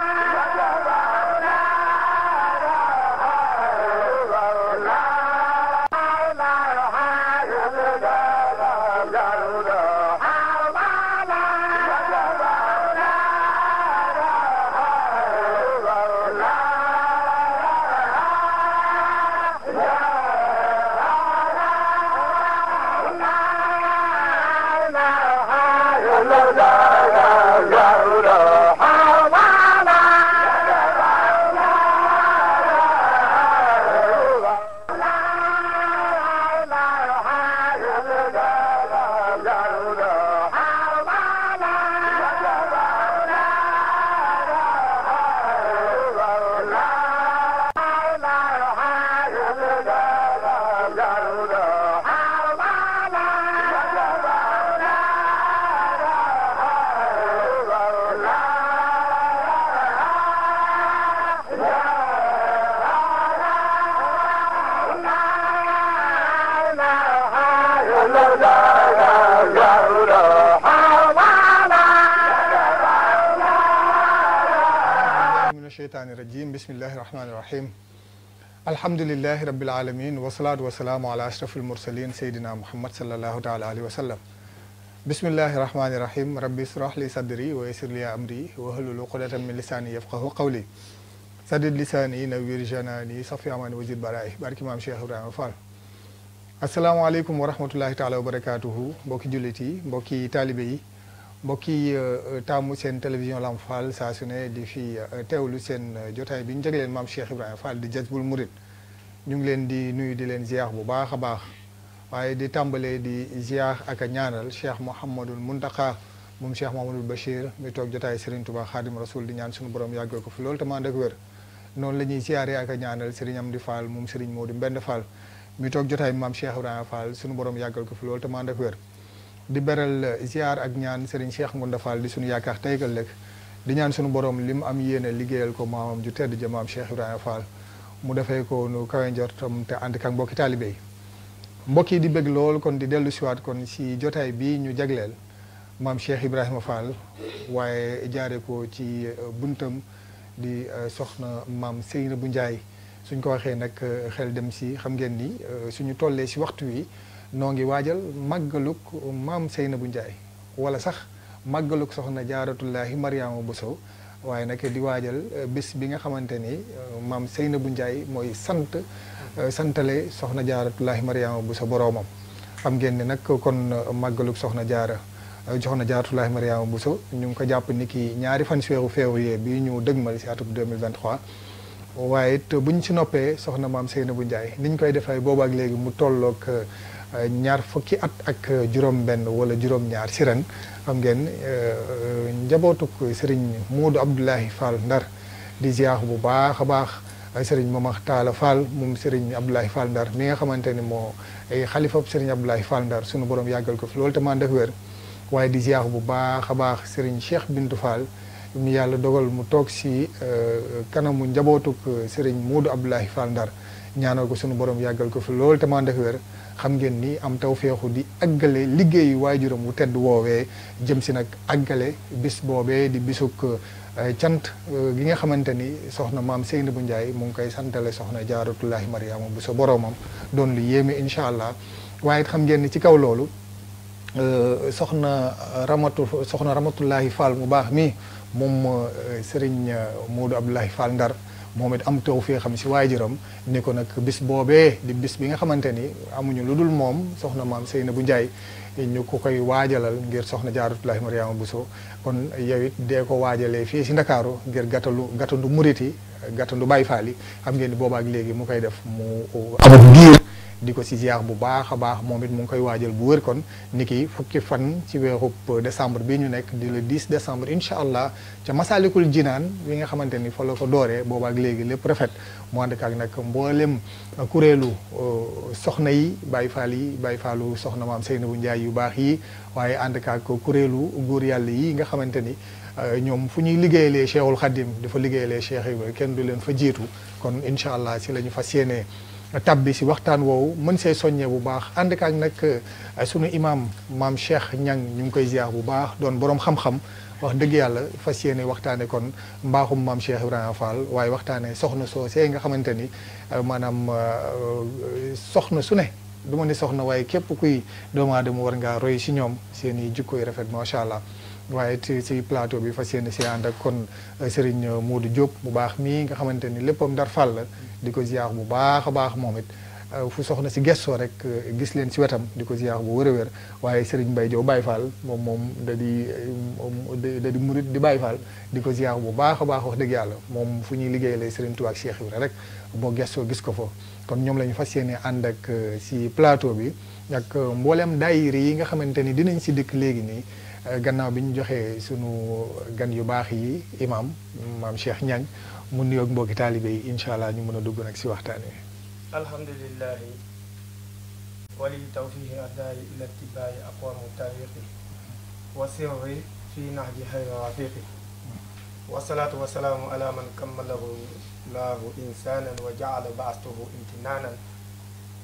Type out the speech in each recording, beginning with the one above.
¡Gracias! الرجيم بسم الله الرحمن الرحيم الحمد لله رب العالمين والصلاة والسلام على أشرف المرسلين سيدنا محمد صلى الله تعالى عليه وسلم بسم الله الرحمن الرحيم ربي اشرح لي صدري ويسر لي أمري وهل عقدة من لساني يفقه قولي سدد لساني نوير جناني صفي عمان وزيد برائه بارك إمام شيخ إبراهيم فال السلام عليكم ورحمة الله تعالى وبركاته بوكي jullit بوكي mbokki taalibe mbokk yi euh, euh, taamu seen télévision Lamp Fall saa su ne di fi euh, teewlu seen jotaay bi ñu jagleen maam Cheikh Ibrahima Fall di Jazbul Murid ñu ngi leen di nuyu di leen ziar bu baax a baax waaye di tàmbalee di ziar ak a ñaanal Cheikh Mouhamadul Muntaka moom Cheikh Mouhamadul Bachir mi toog jotaay Serigne Touba Khadim Rasoul di ñaan suñu borom yàggal ko fi loolu tam ànd ak noonu la ñuy ziaree ak a ñaanal Serigne Amdi Fall moom Serigne Modou Mbend Fall mi toog jotaay maam Cheikh Ibrahima Fall suñu borom yàggal ko fi loolu tam ànd di beral eh, ziar ak ñaan Serigne Cheikh Ngounda Fall di suñu yaakaar tey lekk di ñaan suñu borom li mu am yéene liggéeyal ko maamam ju tedd ja maam Cheikh Ibrahima Fall mu defee ko nu kawe te ànd ak mbokki taalibe yi mbokk yi di bëgg lool kon di dellu siwaat kon si jotaay bii ñu jagleel maam Cheikh Ibrahima Fall waaye jaare ko ci eh, buntam di eh, soxna maam Seyna bu Njaay suñ ko waxee nag xel dem si xam ngeen ni suñu tollee si waxtu wi noo ngi waajal màggaluk maam bu njaay wala sax màggaluk soxna jaaratullahi bu Bousso waaye nag di waajal eh, bis bi nga xamante ni eh, maam bu Ndiaye mooy sant eh, santale soxna jaaratullahi Mariama Bousso boroomam xam ngeen ne nag kon màggaluk soxna jaara soxna jaaratullahi Mariama Bousso ñu ngi ko jàpp ni ki ñaari fan si feewu février bi ñu ma si atub 2023 waaye it bu ñu si noppee soxna maam Seynabou bu ni ñu koy defee boobu ak léegi mu tollook ñaar fukki at ak juróom-benn wala juróom-ñaar si xam ngeen euh, njabootuk Serigne Moodu Abdoulahi Fall Ndar di ziar bu baax a baax Serigne Mamax Taala Fall moom Serigne Abdoulahi Fall Ndar mi nga xamante ni moo xalifa Serigne Abdoulahi Fall Ndar sunu borom yàggal ko fi loolu te maa def wér waaye di ziar bu baax a baax Serigne Cheikh Bintu Fall mi yàlla dogal mu toog si euh, kanamu njabootuk Serigne Moodu Abdoulahi Fall Ndar ñaanal ko sunu borom yàggal ko fi loolu te maa def wér. xam ngeen ni am tawféexu di àggale liggéeyu waajuram wu tedd woowee jëm si nag àggale bis boobee di bisuk eh, cant eh, gi nga xamante ni soxna maam Seynabou Ndiaye mu ngi koy santale soxna jaaratullahi mariama bu sa boroomam doon lu yéeme incha allah waaye xam ngeen ni ci kaw loolu eh, soxna ramatu soxna ramatullahi Fall mu baax mii moom Serigne Modou Abdoulahi Fall Ndar moom it am taw fee xam si waajuram ni ko nag bis boobee di bis bi nga xamante ni amuñu lu dul moom soxna maam bu njaay ñu ko koy waajalal ngir soxna Jaaratullaahi bu Bousso kon yow dee ko waajalee fii si Ndakaaru ngir gàttalu gàttandu murit yi gàttandu Baay Faal yi xam ngeen ni boobaak léegi mu koy def mu amul giir diko ci ziar bu baakha baax momit mu ngi koy waajal bu wër kon niki fukki fan ci wéru décembre bi ñu nek di le 10 décembre inshallah ci masalikul jinan wi nga xamanteni fa la ko doré booba ak légui lépp rafet mo and ak nak mbolem uh, kurelu uh, soxna yi bay fall yi bay fallu soxna maam Seynabou ndjay yu baax yi waye and ak kurelu nguur yalla yi nga xamanteni ñom uh, ñoom fu ñuy liggéeyalee Cheikhul Khadim difa liggéeyalé Cheikh yi kenn du leen fa jitu kon inshallah ci lañu la tabbi si waxtaan woowu mën see soññee bu baax ànd ak nag eh, sunu imam maam Cheikh Niang ñu ngi koy ziar bu baax doon borom xam-xam wax dëgg yàlla fas yéene waxtaanee kon mbaaxum maam Cheikh Ibrahima Fall waaye waxtaanee soxna soosee nga xamante ni eh, maanaam eh, soxna su ne du ma ne soxna waaye képp kuy doomu aadama war ngaa roy si ñoom seen i jikko yu rafet macha allah. waaye ci ci plateau bi fas yéene si ànd ak kon euh, Serigne euh, Modou Diop bu baax mii nga xamante ni léppam dar fàll la di ko ziar bu baax a baax moom it euh, fu soxna si gestoo rek gis leen si wetam di ko ziar bu wër a wër waaye Serigne Mbaye Diop Baye Fall moom moom di da di murit di Baye di ko ziar bu baax a baax wax dëgg yàlla moom fu ñuy liggéeyalee Serigne Touba ak Cheikh Ibra rek boo gestoo gis ko fa kon ñoom la ñu fas yéene ànd ak si plateau bi ak mboolem daayira yi nga xamante ni dinañ si dikk léegi nii. Euh, gannaaw bi ñu joxee sunu gan yu baax yi imam maam Cheikh Niang mu nuyoog mbokki taalibe yi incha allah ñu mën a dugg nag ci waxtaan wi. alhamdulilahi wali tawfiihi adaayi ila tibaayi aqwaamu tariqi wa sirri fi nahji xayri rafiqi wasalaatu wasalaamu ala man kammalahu laahu insaanan wa jaala baastuhu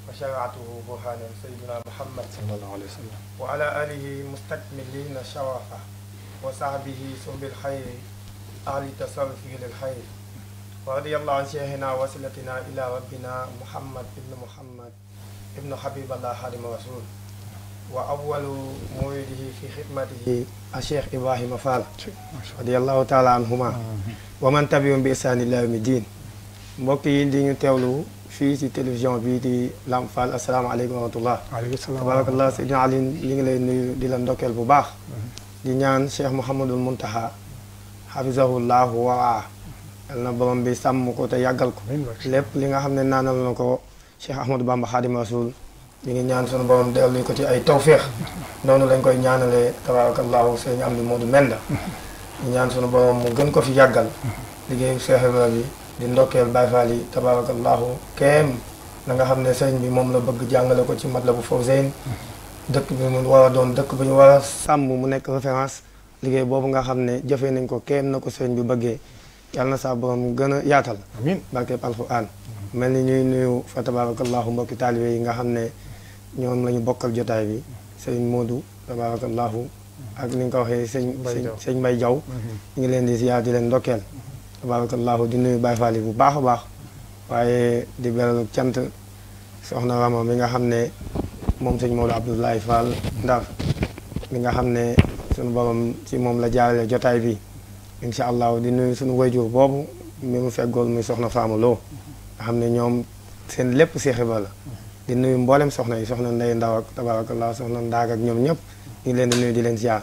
وشرعته برهانا سيدنا محمد صلى الله عليه وسلم وعلى آله مستكملين شرفه وصحبه سب الخير أهل تصرفه للخير ورضي الله عن شيخنا وسلتنا إلى ربنا محمد بن محمد ابن حبيب الله خادم الرسول وأول مريده في خدمته الشيخ إبراهيم فال رضي الله تعالى عنهما ومن تبعهم بإحسان الله يوم الدين mbokk yi di ñu fii ci télévision bi di lamfal assalamu alaykum wa rahmatullah alaykum assalam tabarakallah Seydina Ali li ngi lay nuyu di la ndokel bu baax mm-hmm. di ñaan Cheikh mohammedul Muntaha hafizahullahu waraa yal na borom bi sam ko te yagal ko lepp li nga xamne nanal nako Cheikh Ahmadou Bamba khadim Rasuul ñu ngi ñaan sunu borom dellu ko ci ay tawfiq nonu lañ koy ñaanale tabarakallahu seigne Amdi modou Menda mm-hmm. ñaan sunu borom mu gën ko fi yagal mm-hmm. ligéy Cheikh Ibrahima di ndokkeel Baye Fall yi tabaarakallaahu keem na nga xam ne sëriñ bi moom la bëgg jàngale ko ci Matlaboul Fawzayni dëkk bi mu war a doon dëkk bi ñu war a sàmm bu nekk référence liggéey boobu nga xam ne jëfee nañ ko keem na ko seen bi bëggee yàlla na saa borom gën a yaatal amiin barkeb alxuraan mel ni ñuy nuyu fa tabaarakallaahu mbokki taalibe yi nga xam ne ñoom la ñu bokkal jotaay bi sëriñ Modou tabaarakallaahu ak ni nga ko waxee sëñ sëñ Mbay Jaw ñu ngi leen di ziyaar di tabaarakallaahu di nuyu Baye Fall yi bu baax a baax waaye di beral cant soxna Rama mi nga xam ne moom sëñ Maodo Abdoulaye Fall Ndar mi nga xam ne sunu borom ci moom la jaarale jotaay bi incha allah di nuyu sunu wayjur boobu mi mu feggool muy soxna Faama Lo nga xam ne ñoom seen lépp Seex Ibra la di nuyu mboolem soxna yi soxna Ndey Ndaw ak tabaarakallaahu soxna Ndaag ak ñoom ñëpp ñu ngi leen di nuyu di leen ziar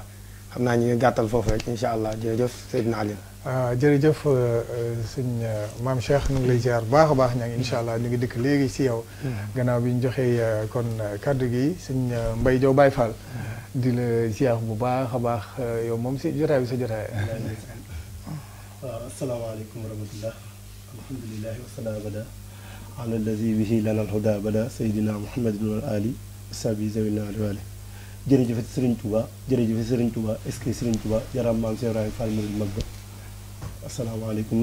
xam naa ñu ngi gàttal foofu rek incha allah jërëjëf Seydina Aliou jërëjëf sëñ maam Cheikh ñu ngi lay ziar baax a baax ñaa ngi incha allah ñu ngi dikk léegi si yow. gannaaw bi ñu joxee kon kaddu gi sëñ Mbaye Diaw Baye Fall. di la ziar bu baax a baax yow moom si jotaay bi sa jotaay. waaw asalaamaaleykum wa rahmatullah alhamdulilah wasalaam abada ala allazi bihi lana alhuda abada sayidina muhammadin wal ali sabi zawina aliwali jërëjëf Serigne Touba jërëjëf Serigne Touba est-ce que Serigne Touba yaram maam Cheikh Ibrahima Fall mu mag ba asalaamaaleykum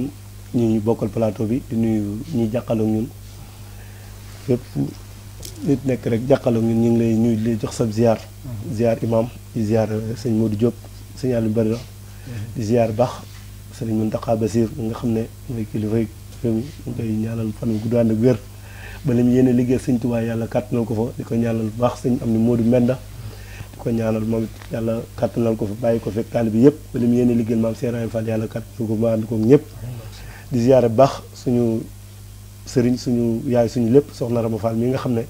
ñi ñu bokkal plateau bi di nuyu ñi jàqaloo ñun fépp nekk rek jàqaloo ñun ñu ngi lay ñuy lay jox sab ziar. ziar imam di ziar sëñ Modou Diop sëñ Aliou Badara di ziar baax sëñ Mountakha Basir nga xam ne mooy kilifa yi ñu koy ñaanal fan gudd ànd ak wér ba lim yéene liggéey sëñ Tuubaa yàlla kàttanal ko fa di ko ñaanal baax sëñ am ni Modou Menda ko ñaanal moom it yàlla kattanal ko fi bàyyi ko fekk taalibe bi yëpp li mu yéene liggéeyal maam Cheikh Ibrahima Fall yàlla kattanal ko ba ànd ko ñëpp di ziyaare baax suñu sëriñ suñu yaay suñu lépp soxna Rama Fall mi nga xam ne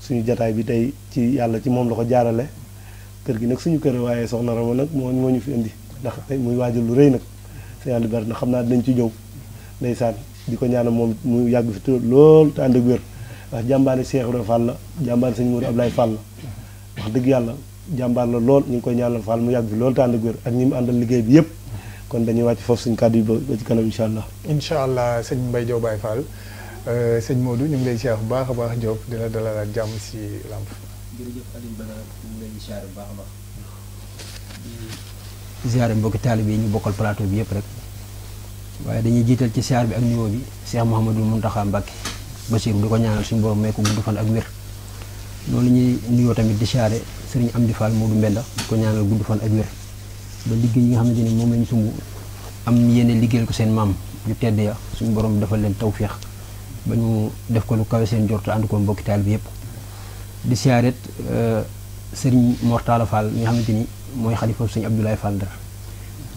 suñu jataay bi tey ci yàlla ci moom la ko jaarale kër gi nag suñu kër waaye soxna Rama nag moo moo ñu fi indi ndax tey muy waajal lu rëy nag sëñ Aliou na xam naa dinañ ci ñëw ndeysaan di ko ñaanal moom mu yàgg fi lool te ànd ak wér wax jàmbaane Cheikh Ibrahima Fall la jàmbaane sëñ Mourou Ablaye Fall la wax dëgg yàlla jambar la lool ñu ngi koy ñaanal faal mu yagg bi lool tànn góor ak ñi mu àndal liggéey bi yépp kon dañuy wacc foofu suñu kaddu yi ba ci kanam inshallah inshallah señ mbay jow bay Diop euh señ Modou ñu ngi lay cheikh bu baaxa baax jop dina dalal dalalaat jàmm si làmp. jërëjëf alim bana ñu ngi lay ciar bu baaxa baax. di ziare mbokki taalibe yi ñu bokkal plateau bi yëpp rek waye dañuy jiital ci ziar bi ak nuyoo bi Cheikh Mouhamadou muntaha Mbacké Bachir diko ñaanal suñu borom meeku ko gudd fan ak wër nonu ñi nuyoo tamit di ziare serigne Amdi Fall Modou Mbenda ko ñaanal gudd fan ak wér ba liggey yi nga xamanteni mom lañ sumb am yene liggéeyal ko seen mam yu tedd ya suñu borom dafa leen tawfiq ba ñu def ko lu kawé seen jortu and ko mbokk taal bi yépp di siaret euh serigne Mortala Fall nga xamanteni moy khalifa serigne sëriñ Abdoulaye Fall Ndar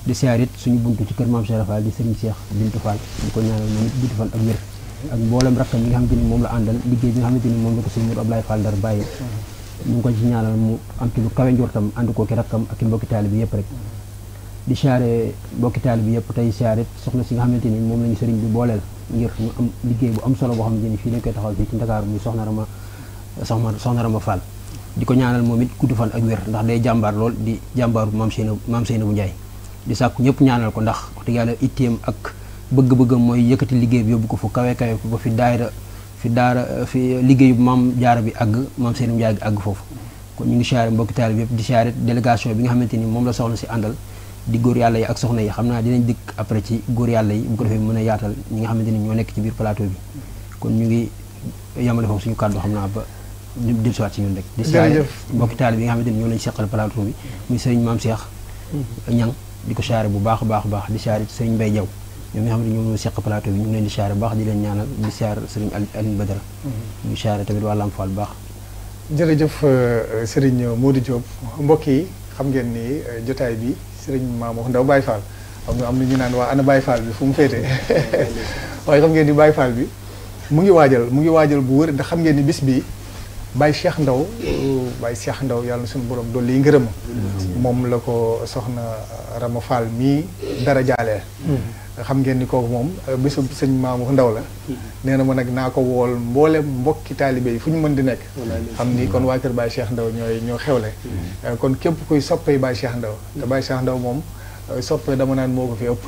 di siaret suñu buntu ci kër mam Cheikh Fall di serigne Cheikh bintou Fall ñu ko ñaanal mom it gudd fan ak wér ak mbolam rakam nga xamanteni mom la andal liggey bi nga xamanteni mom la ko serigne Modou Abdoulaye Fall Ndar baye mu ko ci ñaanal mu am ci lu kawe njortam and ko ki rakam ak mbokki talib yépp rek di siyaare mbokki talib yépp tay siyaare soxna si nga xamanteni mom lañu sëriñ bi booleel ngir mu am liggéey bu am solo bo xam ne fii lañ koy taxaw ci Dakar muy soxna Rama soxna soxna Rama fal di ko ñaanal momit ku gudd fan ak wër ndax day jambar lool di jambar mam Seyna mam Seyna bu Ndiaye di sakku ñepp ñaanal ko ndax wax ak bëgg-bëggam moy yëkëti liggéey bi yóbbu ko fu kawé kawé ba fi daayira fi daara fi liggéeyu maam jaara bi àgg maam seen njaay gi àgg foofu kon ñu ngi siyaare mbokki taalibe yëpp di siyaare délégation bi nga xamante ni moom la soxna si àndal di góor yàlla yi ak soxna yi xam naa dinañ dikk après ci góor yàlla yi bu ko a yaatal ñi nga xamante ni ñoo nekk ci biir plateau bi kon ñu ngi yamale foofu suñu kàddu xam naa ba dem siwaat si ñun rek di siyaare mbokki taalibe yi nga xamante ni ñoo lañ seqal plateau bi muy sëriñ maam Cheikh ñang di ko siyaare bu baax a baax baax di siyaare sëriñ Mbay Jaw ñoom ñoo ne ñoo seq plateau bi ñu ngi leen di siyaare baax di leen ñaanal di siyaar sëriñ Alioune Badara ñu mm-hmm. siyaare tamit waa Lamp Fall baax jërëjëf euh, sëriñ Modou Diop mbokk yi xam ngeen ni euh, jotaay bi sëriñ Mamour ndaw Baye Fall xam nga am na ñu naan waa ana baay faal bi fu mu féete waaye xam ngeen di Baye Fall bi mu ngi waajal mu ngi waajal bu wër ndax xam ngeen ni bis bi Baye Cheikh ndaw Baye Cheikh ndaw yàlla suñu borom dolli ngërëm mm-hmm. moom la ko soxna Rama Fall mii dara jaaleel mm-hmm. xam ngeen ni kooku moom euh, bésu sëñ maamu ndaw la nee na ma nag naa ko wool mboole mbokki taalibe yi fu ñu mën di nekk xam ni kon waa kër Baye Cheikh Ndaw ñooy ñoo xewle euh, kon képp kuy soppee Baye Cheikh Ndaw te Baye Cheikh Ndaw moom euh, soppee dama naan moo ko fi ëpp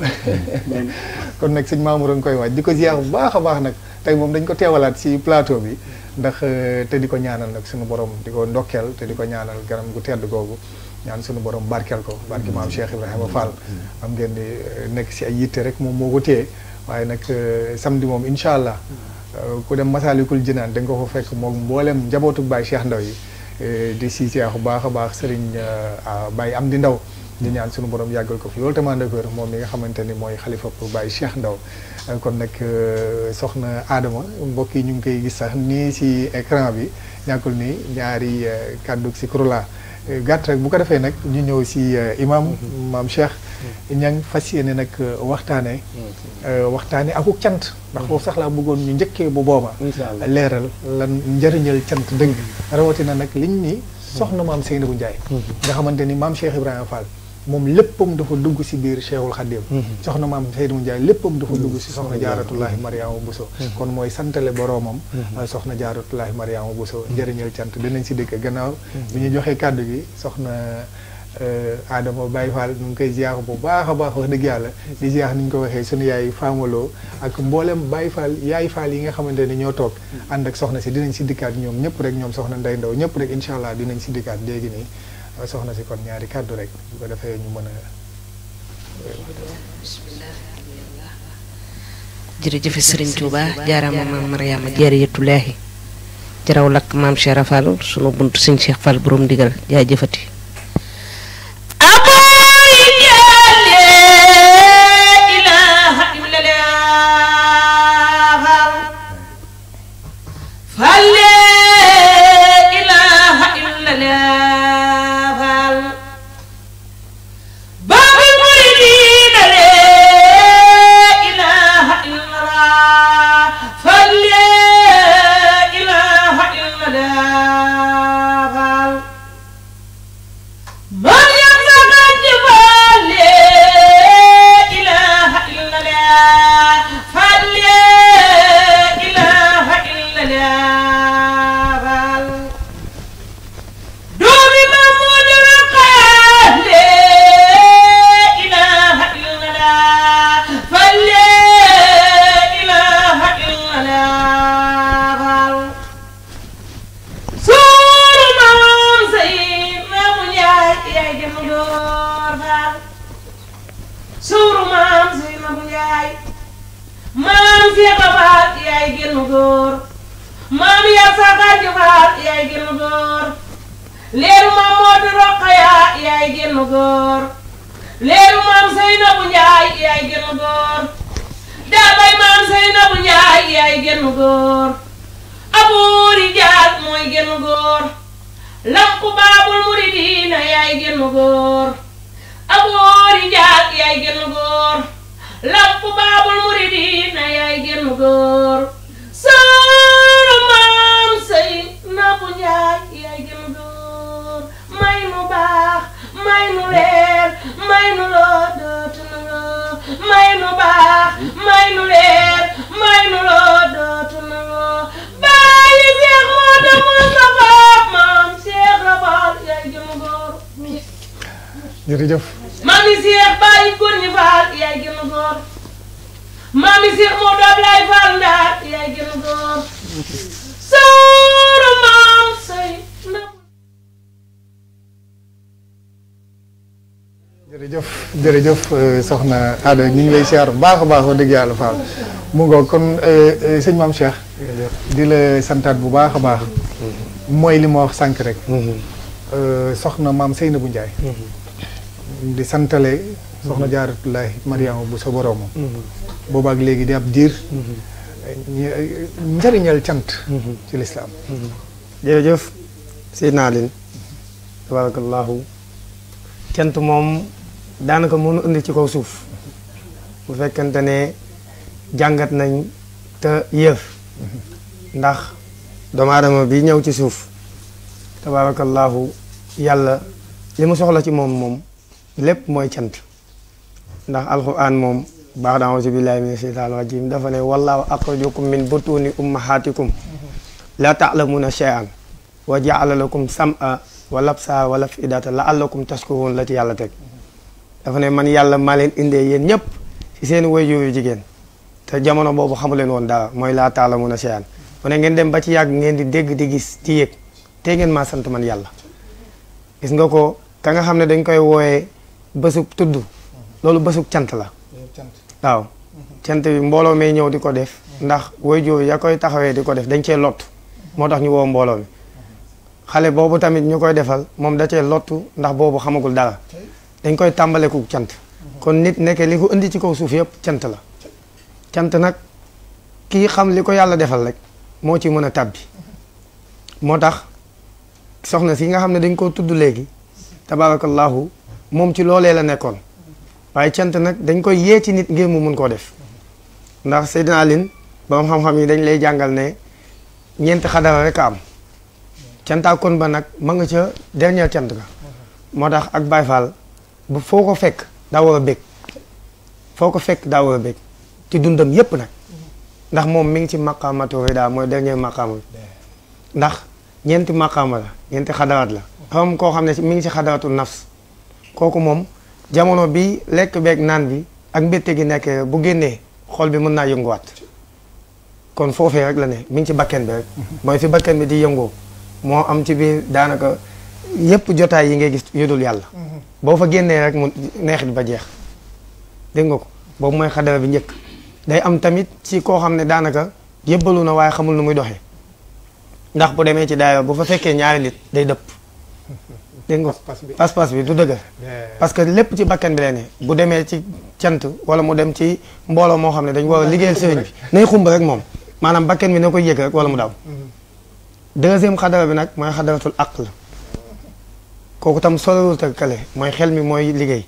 kon nag sëñ maamu dañ koy waaj di ko ziar bu baax a baax nag tey moom dañ ko teewalaat si plateau bi ndax te di ko ñaanal nag suñu borom di ko ndokkeel te di ko ñaanal garam gu tedd googu ñaan suñu borom barkeel ko barke maam Cheikh Ibrahima Fall am ngeen ni eh, nekk si ay yitte rek moom moo ko téye waaye nag eh, samedi moom incha allah eh, ku dem Masaalikul Jinaan da nga ko fekk moom mboolem njabootu baay Cheikh Ndaw yi di siisee bu baax a baax Serigne ah, baay am di Ndaw di ñaan suñu borom yàggal ko fi loolu tamit ànd ak moom mi nga xamante ni mooy xalifa pour Baye Cheikh Ndaw kon nag soxna aadama mbokk yi ñu ngi koy gis sax nii si écran bi ñàkkul ni ñaari kàddu si kurla gàtt rek bu ko defee nag ñu ñëw si euh, imaam mm-hmm. maam Cheikh ñang mm-hmm. fas yéene nag euh, waxtaane mm-hmm. euh, waxtaane akuk cant ndax foofu sax laa bëggoon ñu njëkkee bu booba leeral lan njëriñal cant dëgg rawatina nag liñ ni soxna maam Seynabou Ndiaye nga xamante ni maam Cheikh Ibrahima Fall moom léppam dafa dugg si biir Cheikhul Khadim mhm. soxna maam Seydou Ndiaye léppam dafa dugg si soxna jaaratullahi Mariama Bousso mhm. kon mooy santale boroomam mhm. soxna jaaratullahi Mariama Bousso njëriñal cant dinañ si dëkk gannaaw bi ñu joxee kàddu gi soxna euh, Adama Baye Fall ñu ngi koy ziar bu baax a baax wax dëgg yàlla di ziar ni ko waxee sunu yaay faamaloo ak mboolem Baye Fall yaay Fall yi nga xamante ne ñoo toog ànd ak soxna si dinañ si dikkaat ñoom ñëpp rek ñoom soxna Ndey Ndaw ñëpp rek incha allah dinañ si dikkaat léegi nii soxna si kon ñaari kàddu rek bu ko defee ñu mën a. jërëjëf sëriñ Touba jaaraama maam Mariama jaariyatullaahi jaraw lakk maam Cheikh Rafal sunu buntu suñ Cheikh Fall borom ndigal jaajëfati. jerejeuf mami maami Cheikh bàyyi ni Fall yaay gën goor mami Cheikh mo do lay Fall na yaay gën goor sóoru mam say jerejeuf jerejeuf soxna Ada ñu ngi lay siyaar bu baax baax deug yalla yàlla Fall mu ngo kon euh, euh, seigne mam Cheikh. di la santat bu baax baax. moy mm-hmm. li mo wax sank rek. Mm-hmm. euh soxna mam seyna bu Ndiaye. Mm-hmm di santale soxna jaaratulaay mariama bu sa boroomam boobaak léegi di ab diir njariñal cant ci lislaam jërëjëf Seydina Alioune tabarakallahu cant moom daanaka mënu indi ci kaw suuf bu fekkantene jangat nañ te yëf ndax ma aadama bi ñew ci suuf tabarakallahu Yalla, limu soxla ci mom mom lépp mooy cant ndax alquran moom baax da auzu billahi mina sheytaan rajim dafa ne wallaahu akhrajakum min butuni ummahatikum la ta'lamuna an wa ja'ala lakum sam'a wa labsa wa laf'idata la'allakum tashkurun la ci yàlla teg dafa ne man yàlla maa leen indee yéen ñëpp ci seen waajur yu jigéen te jamono boobu xamu leen woon dara mooy laa ta'lamuna shay'an mu ne ngeen dem ba ci yàgg ngeen di dégg di gis ti yëg te ngeen ma sant man yàlla bësug tudd loolu bësug cant la waaw cant bi mbooloo may ñëw di ko def mm-hmm. ndax waajur ya koy taxawee di ko def dañ cee lott moo tax ñu woo mbooloo mi mm-hmm. xale boobu tamit ñu koy defal moom da cee lottu ndax boobu xamagul dara dañ koy tàmbaleeku cant mm-hmm. kon nit nekk li ko indi ci kaw suuf yëpp cant la cant nag kii xam li ko yàlla defal rek moo ci mën a tàbbi moo tax soxna si nga xam ne dañ koo tudd léegi tabaarakallaahu moom ci loolee la nekkoon waaye cant nag dañ koy yee ci nit ngir mu mun koo def ndax Seydina Alin ba mu xam-xam yi dañ lay jàngal ne ñeenti xadara rek am cantaa kon ba nag ma nga ca dernier cant ga moo tax ak Baay bu foo ko fekk daa war ko fekk daa war a bég ci dundam yépp ndax moom mi ngi ci maqaamatu rida mooy dernier maqaama ñeenti maqaama la ñeenti xadaraat la xam koo xam ne mi ngi ci xadaratul nafs kooku moom jamono bi lekk beeg naan bi ak mbétte gi nekk bu génnee xol bi mën naa yënguwaat kon foofee rek la ne mi ngi ci bakken bi rek mooy fi bakken bi di yëngoo moo am ci biir daanaka yépp jotaay yi ngay gis yudul yàlla mm-hmm. boo fa génnee rek mu neexit ba jeex dégg nga ko boobu mooy xadara bi njëkk day am tamit ci koo xam ne daanaka yëbbalu na waaye xamul nu muy doxee ndax bu demee ci daayira bu fa fekkee ñaari nit day dëpp dégg nga pas-pas bi du dëgg parce que lépp ci bakkan bi la ne bu demee ci cant wala mu dem ci mbooloo moo xam ne dañ war a liggéeyal sëriñ bi nay xumb moom maanaam bakkan bi na koy yëg rek wala mu daw mm-hmm. deuxième xadara bi nag mooy xadaratul aql kooku tam solowul ta kale mooy xel mi mooy liggéey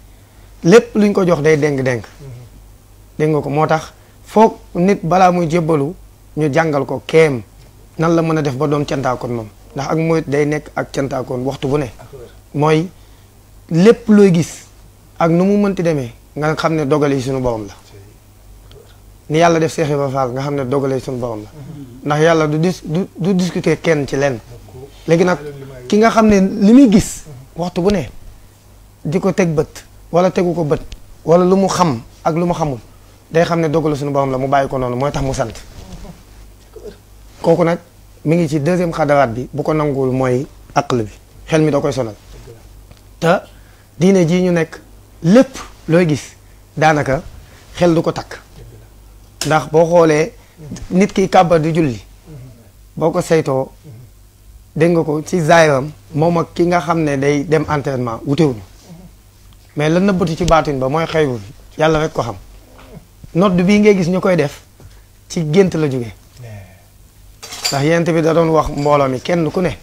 lépp luñ ko jox day dénk-dénk mm-hmm. dégg nga ko moo tax foog nit balaa muy jébbalu ñu jàngal ko keem nan la mën a def ba doon cantaakoon moom ndax ak murit day nekk ak cantaakoon waxtu bu ne mooy lépp looy gis ak nu mu mënti demee nga xam ne dogale yi suñu borom la ni yàlla def Seex ba Faal nga xam ne dogale yi suñu borom la ndax yàlla du dis du discuter kenn ci lenn léegi nag ki nga xam ne li muy gis waxtu bu ne di ko teg bët wala tegu ko bët wala lu mu xam ak lu mu xamul day xam ne dogalu suñu borom la mu bàyyi ko noonu mooy tax mu sant kooku nag mu ngi ci deuxième xadaraat bi bu ko nanguwul mooy aql bi xel mi doo koy sonal te diine jii ñu nekk lépp looy gis daanaka xel du ko takk ndax boo xoolee nit ki kàbbar di julli boo ko seytoo dégg nga ko ci zaayaram moom ak ki nga xam ne day dem entraînement wutewuñu mais la nëbbatu ci baatin ba mooy xayrul yàlla rek ko xam nodd bii ngay gis ñu koy def ci gént la jóge ndax yent bi da doon wax mbooloo mi kenn ku ne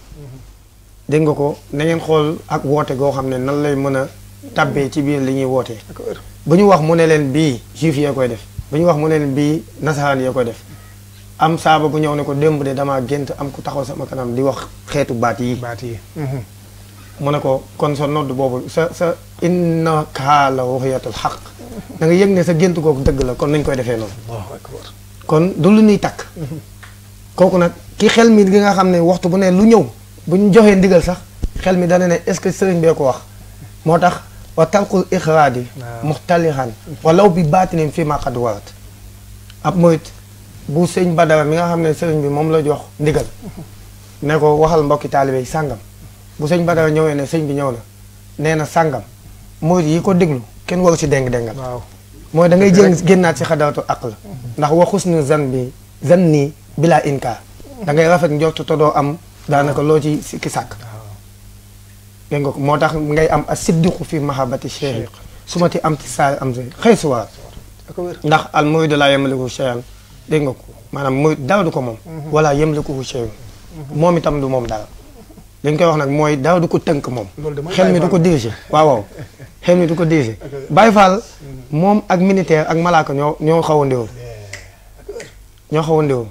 dégg nga ko na xool ak woote goo xam ne nan lay mën a tabbee ci biir li ñuy wootee ba ñu wax mu ne leen bii juif yee koy def ba ñu wax mu ne leen bii nasaraan yee koy def am saaba bu ñëw ne ko démb de damaa gént am ku taxaw sama kanam di wax xeetu baat yi baat yi mhm. mu ne ko kon sa nodd boobu sa sa inna kaa la waxyatul xaq mhm. da nga yëg ne sa gént kooku dëgg la kon nañ koy defee noonu kon du lu ñuy takk mhm. kooku nag ki xel mi gi nga xam ne waxtu bu ne lu ñëw bu ñu joxee ndigal sax xel mi dana ne est-ce que sëriñ bee ko wax moo tax wa tarkul ixraadi muxtalihan walaw bi baatinin fii ma qad warat ab murit bu sëñ Badara mi nga xam ne sëriñ bi moom la jox ndigal ne ko waxal mbokki taalibe sàngam bu sëñ Badara ñëwee ne sëñ bi ñëw na nee na sàngam murit yi ko déglu kenn waru ci déng-déngal mooy da ngay jël génnaat ci xadaratu la ndax wa xusnu zan bi zan nii bilaa inkaar da ngay rafet njortu te doo am daanaka loo ci sikki sàkk ah. dégg nga ko moo tax ngay am a siddiqu fi mahabati cheikh su ma ti am ci saa am si xëy suwaar ndax al muridu laa yemliku cheyan dégg nga ko maanaam muy dara du ko moom mhm. wala yemliku cheyan mhm. moom itam du moom dara li koy wax nag mooy dara du ko tënk moom xel mi du ko dirigé waaw waaw xel mi du ko dirigé Baye Fall mhm. moom ak militaire ak malaaka ñoo ñoo xaw a ndéwoo ñoo xaw a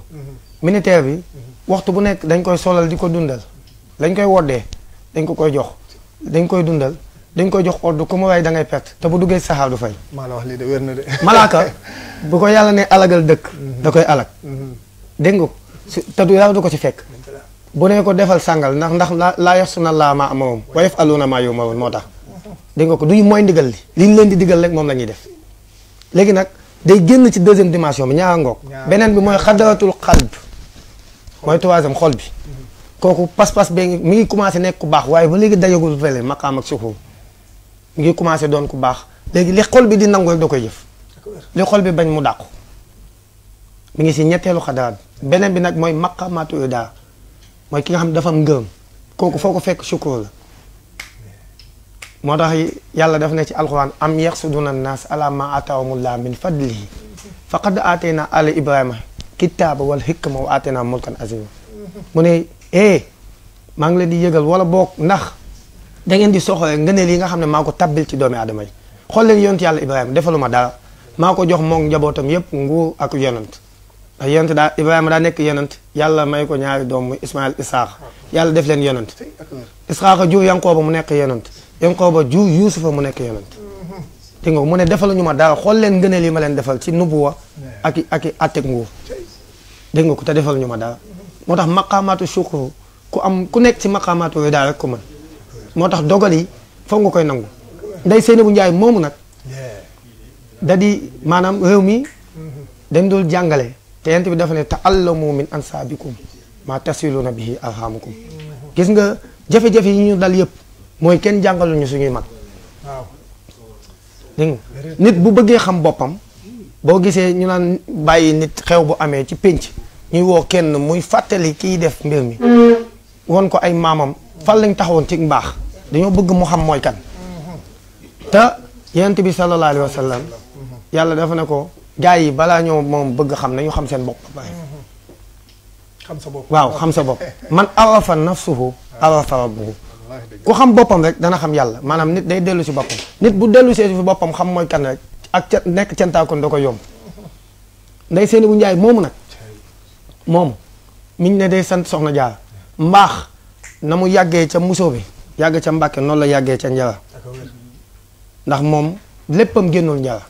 militaire bi waxtu bu nekk dañ koy solal di ko dundal dañ koy woddee dañ ko koy jox dañ koy dundal dañ koy jox ordre ku ma waay da ngay perte te bu duggee saxaar du fay. maa la wax lii de wér na de. malaaka bu ko yàlla ne alagal dëkk. Mhm. da koy alag. Mhm. dégg nga te du yàlla du ko ci fekk. bu ne ko defal sàngal ndax ndax laa laa yox su na laa maa amawoon wa yaf aluna maa yumaroon moo tax. dégg ko du mooy ndigal li liñ leen di digal rek moom la ñuy def léegi nag day génn ci deuxième dimension bi ñaar ngoog. beneen bi mooy troisième xol bi kooku pas-pas bee ngi mi ngi commencé nekk ku baax waaye ba léegi dajagul fële maqaam ak suufu mi ngi commencé doon ku baax léegi li xol bi di nangu rek da koy jëf li xol bi bañ mu dàqu mu ngi si ñetteelu xadaar beneen bi nag mooy maqaamaatu ida mooy ki nga xam ne dafa am ngërëm kooku foo ko fekk sukkur la moo tax yàlla daf ne ci alxuraan am yaqsuduna an naas ala ma ataahumullah min fadlihi faqad aatayna ala ibrahima kitaaba wal hikma wa aateenaa mulkan azima mu ne eh maa ngi leen di yëgal wala boog ndax da di soxore ngëneel yi nga xam ne maa ko tabbil ci doomi aadama yi xool leen yonent yàlla Ibrahima defaluma dara maa ko jox moom njabootam yépp nguur ak yonent ndax daa Ibrahima daa nekk yonent yàlla may ko ñaari doom muy Ismaïl Isaax yàlla def leen yonent Isaaxa jur Yankooba mu nekk yonent Yankooba jur Yuusufa mu nekk yonent dégg nga mu ne defaluñu ñuma dara xol leen ngëneel yi ma leen defal ci nubuwa ak ak i àtteeg nguur dégg nga ko te defaluñu ñuma dara motax maqamatu shukr ku am ku nekk ci maqamatu rida rek ko mën motax dogal yi fa nga koy nangu ndey seen bu njaay momu nak da di rew mi mm-hmm. dañ dul jàngale te yent bi dafa ne taallamu min ansabikum ma tasiluna bihi arhamukum mm-hmm. gis nga jafé jafé yi ñu dal yépp moy kenn ñu suñuy mag dégg nit bu bëggee xam boppam boo gisee ñu naan bàyyi nit xew bu amee ci pénc ñuy woo kenn muy fàttali kiy def mbir mi won ko ay maamam fan lañ taxawoon ci mbaax dañoo bëgg mu xam mooy kan te yonent bi sallallahu alayhi wa sallam yàlla dafa ne ko gars yi balaa ñoo moom bëgg xam nañu xam seen bopp xam sa bopp waaw xam sa bopp man arafa nafsuhu arafa rabbuhu ku xam boppam rek dana xam yàlla maanaam nit day dellu si boppam nit bu dellu si fi boppam xam mooy kan rek ak ca nekk cantaakoon da ko yomb nday seeni bu njaay moomu nag moomu miñ ne day sant soxna jaara mbaax na mu yàggee ca musoo bi yàgg ca mbàkke noonu la yàggee ca njara ndax moom léppam génnul njara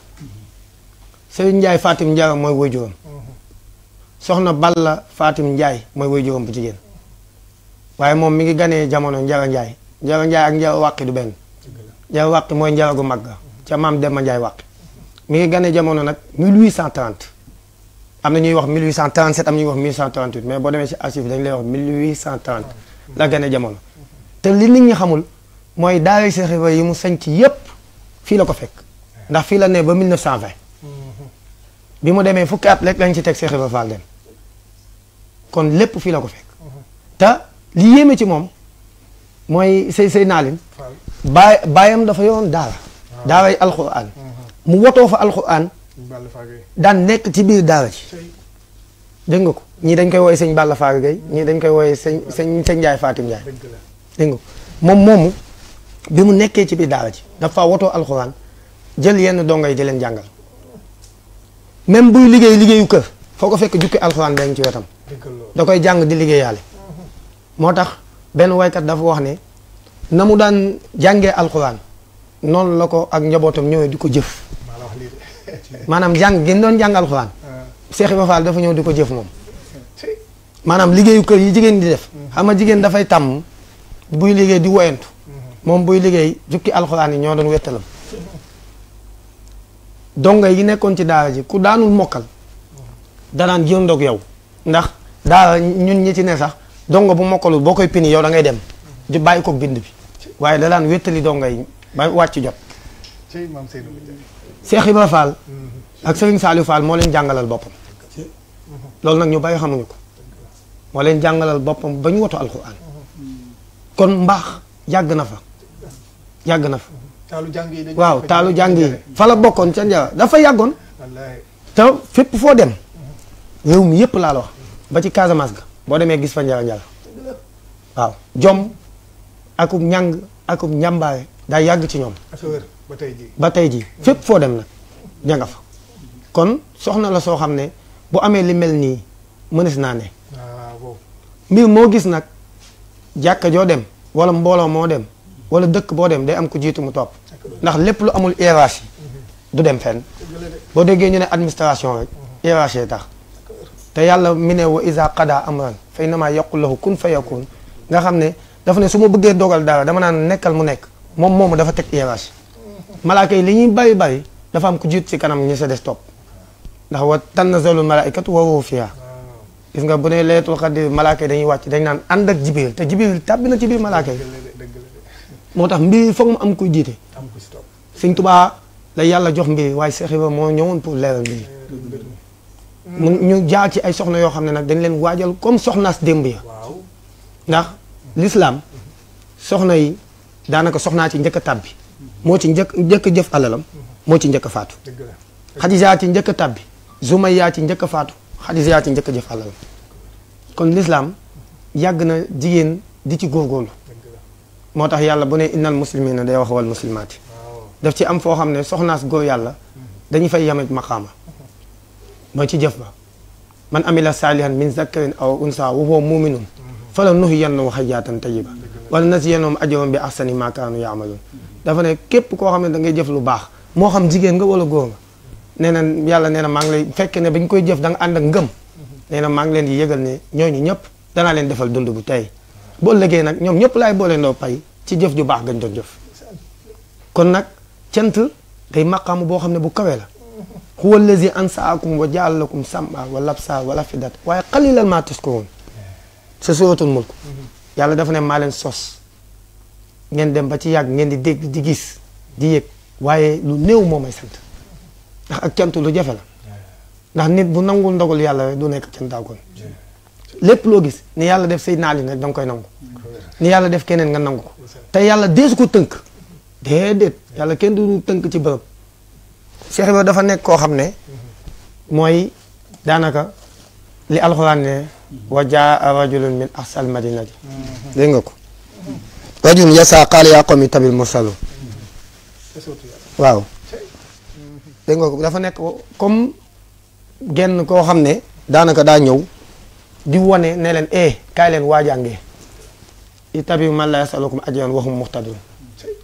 sëriñ njaay fatim njara mooy waajuram mhm. soxna la fatim njaay mooy waajuram bu jigéen waaye moom mi ngi ganee jamono Njara Njaay Njara Njaay ak Njara Wàqi du benn Njara Wàqi mooy Njara gu mag ga ca maam Demba Njaay Wàqi mi ngi ganee jamono nag 1830 am na ñuy wax 1837 am na ñuy wax 1838 mais boo demee si archive dañu lay wax 1830 la ganee jamono te li nit ñi xamul mooy daara Seex Ibra yi mu sañc yépp fii la ko fekk ndax fii la ne ba 1920 bi mu demee fukki at rek lañ ci teg Seex Ibra Faal dem kon lépp fii la ko fekk li yéeme ci moom mooy say say naalin baayam dafa yoroon daara ah. daaray alquran mm-hmm. mu wotoo fa alquran daan nekk ci biir daara ci dégg nga ko ñii dañ koy wooye sañ Balla Faare Gueye ñii dañ koy wooye sañ sañ sëñ faatim Fatim Ndiaye dégg nga ko moom moomu bi mu nekkee ci biir daara ci dafa wotoo alxuraan jël yenn dongo yi di leen jàngal même buy liggéey liggéeyu kër foo ko fekk jukki alxuraan bee ci wetam da koy jàng di liggéeyaale moo tax benn waykat dafa wax ne na mu daan jànge alxuraan noonu la ko ak njabootam ñëwee di ko jëf maanaam jàng gën doon jàng alxuraan Seex ah. Ibra Faal dafa ñëw di ko jëf moom maanaam liggéeyu kër yi jigéen di def mm-hmm. xam nga jigéen dafay tàmm buy liggéey di woyantu mm-hmm. moom buy liggéey jukki alxuraan yi ñoo doon wettalam donga yi nekkoon ci daara ji ku daanul mokkal danaan jëndoog yow ndax daara ñun ñi ci ne sax dongo bu mokkalul boo koy pini yow da dem bàyyi ko bind bi waaye da daan wéttali dongo yi ba wàcc jot. Cheikh Ibra Fall mhm. ak Serigne Saliou Fall moo leen jàngalal boppam mhm. loolu nag ñu bàyyi xamuñu ko moo leen jàngalal boppam ba ñu woto alxuraan mhm. kon mbaax yàgg na fa yàgg na fa. taalu jàng yi waaw taalu jàng yi fa bokkoon ca Njara dafa yàggoon. te fépp foo dem réew mi yëpp laa la wax ba ci Casamance boo demee gis fa njala njala waaw jom akum ñàng akum njàmbaare daa yàgg ci ñoom ba tey jii ba tey jii fépp foo dem nag ñanga fa kon soxna la soo xam ne bu amee li mel nii mënees naa ne ah, mbir moo gis nag jàkka joo dem wala mbooloo moo dem wala dëkk boo dem day am ku jiitu mu topp ndax lépp lu amul hiérarchie mhm. du dem fenn boo déggee ñu ne administration rek hiérarchie tax te yàlla mi ne wa isa qada amran fa innama yaqul lahu kun fa yakun nga xam ne dafa ne su ma bëggee dogal dara dama naan nekkal mu nekk moom moomu dafa teg hiérarchie malaaka yi li ñuy bari bari dafa am ku jiit ci kanam ñi sa des topp ndax wa tanazalul malaikatu wa ruuhu fiha gis nga bu ne leetul xaddi malaaka yi dañuy wàcc dañ naan ànd ak jibril te jibril tàbbi na ci biir malaaka moo tax mbir foog mu am kuy jiite sëñ tubaa la yàlla jox mbir waaye Seex Ibra moo ñëwoon pour leeral mbir mu ñu jaar ci ay soxna yoo xam ne nag dañ leen waajal comme soxnaas démb ya ndax lislaam soxna yi daanaka soxnaa ci njëkk a tàbbi moo ci njëkk njëkk jëf alalam moo ci njëkk a faatu xadija ci njëkk ci njëkk a faatu xadija ci njëkk a jëf alalam kon lislaam yàgg na jigéen di ci góorgóorlu moo tax yàlla bu ne innal muslimina day wax wal muslimaati daf ci am foo xam ne soxnaas góor yàlla mm-hmm. dañu fay yamet maqaama mooy ci jëf ba man amila saalihan min zakarin aw unsa wa huwa muminun fala nuhyiyannahu hayaatan tayyiba wala nasiyannahum ajrahum bi ahsani ma kaanu yaamaluun dafa ne képp koo xam ne da ngay jëf lu baax moo xam jigéen nga wala góor nee na yàlla nee na maa ngi lay fekk ne ba ñu koy jëf da ànd ak ngëm nee na maa ngi leen di yëgal ne ñooñu ñëpp danaa leen defal dund bu tey boo lëggee nag ñoom ñëpp laay boole ndoo pay ci jëf ju baax gañ doo jëf kon nag cant day maqaamu boo xam ne bu kawee la huwa allazi ansaakum wa jaala lakum sam'a wal absaara wal af'idata waaye qalilan ma tashkuruun sa suratul mulk yàlla dafa ne maa leen sos ngeen dem ba ci yàgg ngeen di dégg di gis di yëg waaye lu néew moo may sant ndax ak cant lu jafe la ndax nit bu nangul ndogal yàlla rek du nekk cantaakoon lépp loo gis ni yàlla def say naal na rek da koy nangu ni yàlla def keneen nga nangu ko te yàlla deesu ko tënk déedéet yàlla kenn du tënk ci bërëb Cheikh Ibrahima dafa nekk koo xam ne mooy daanaka li alxuraan ne wa jaa rajulun min ahsal madinati dégg nga ko rajulun yasa qaala yaa qawmi tabil mursalu waaw dégg nga ko dafa nekk comme genn koo xam ne daanaka daa ñëw di wane ne leen e kaay leen waajange ittabi'u man laa yas'alukum ajran wa hum muhtadun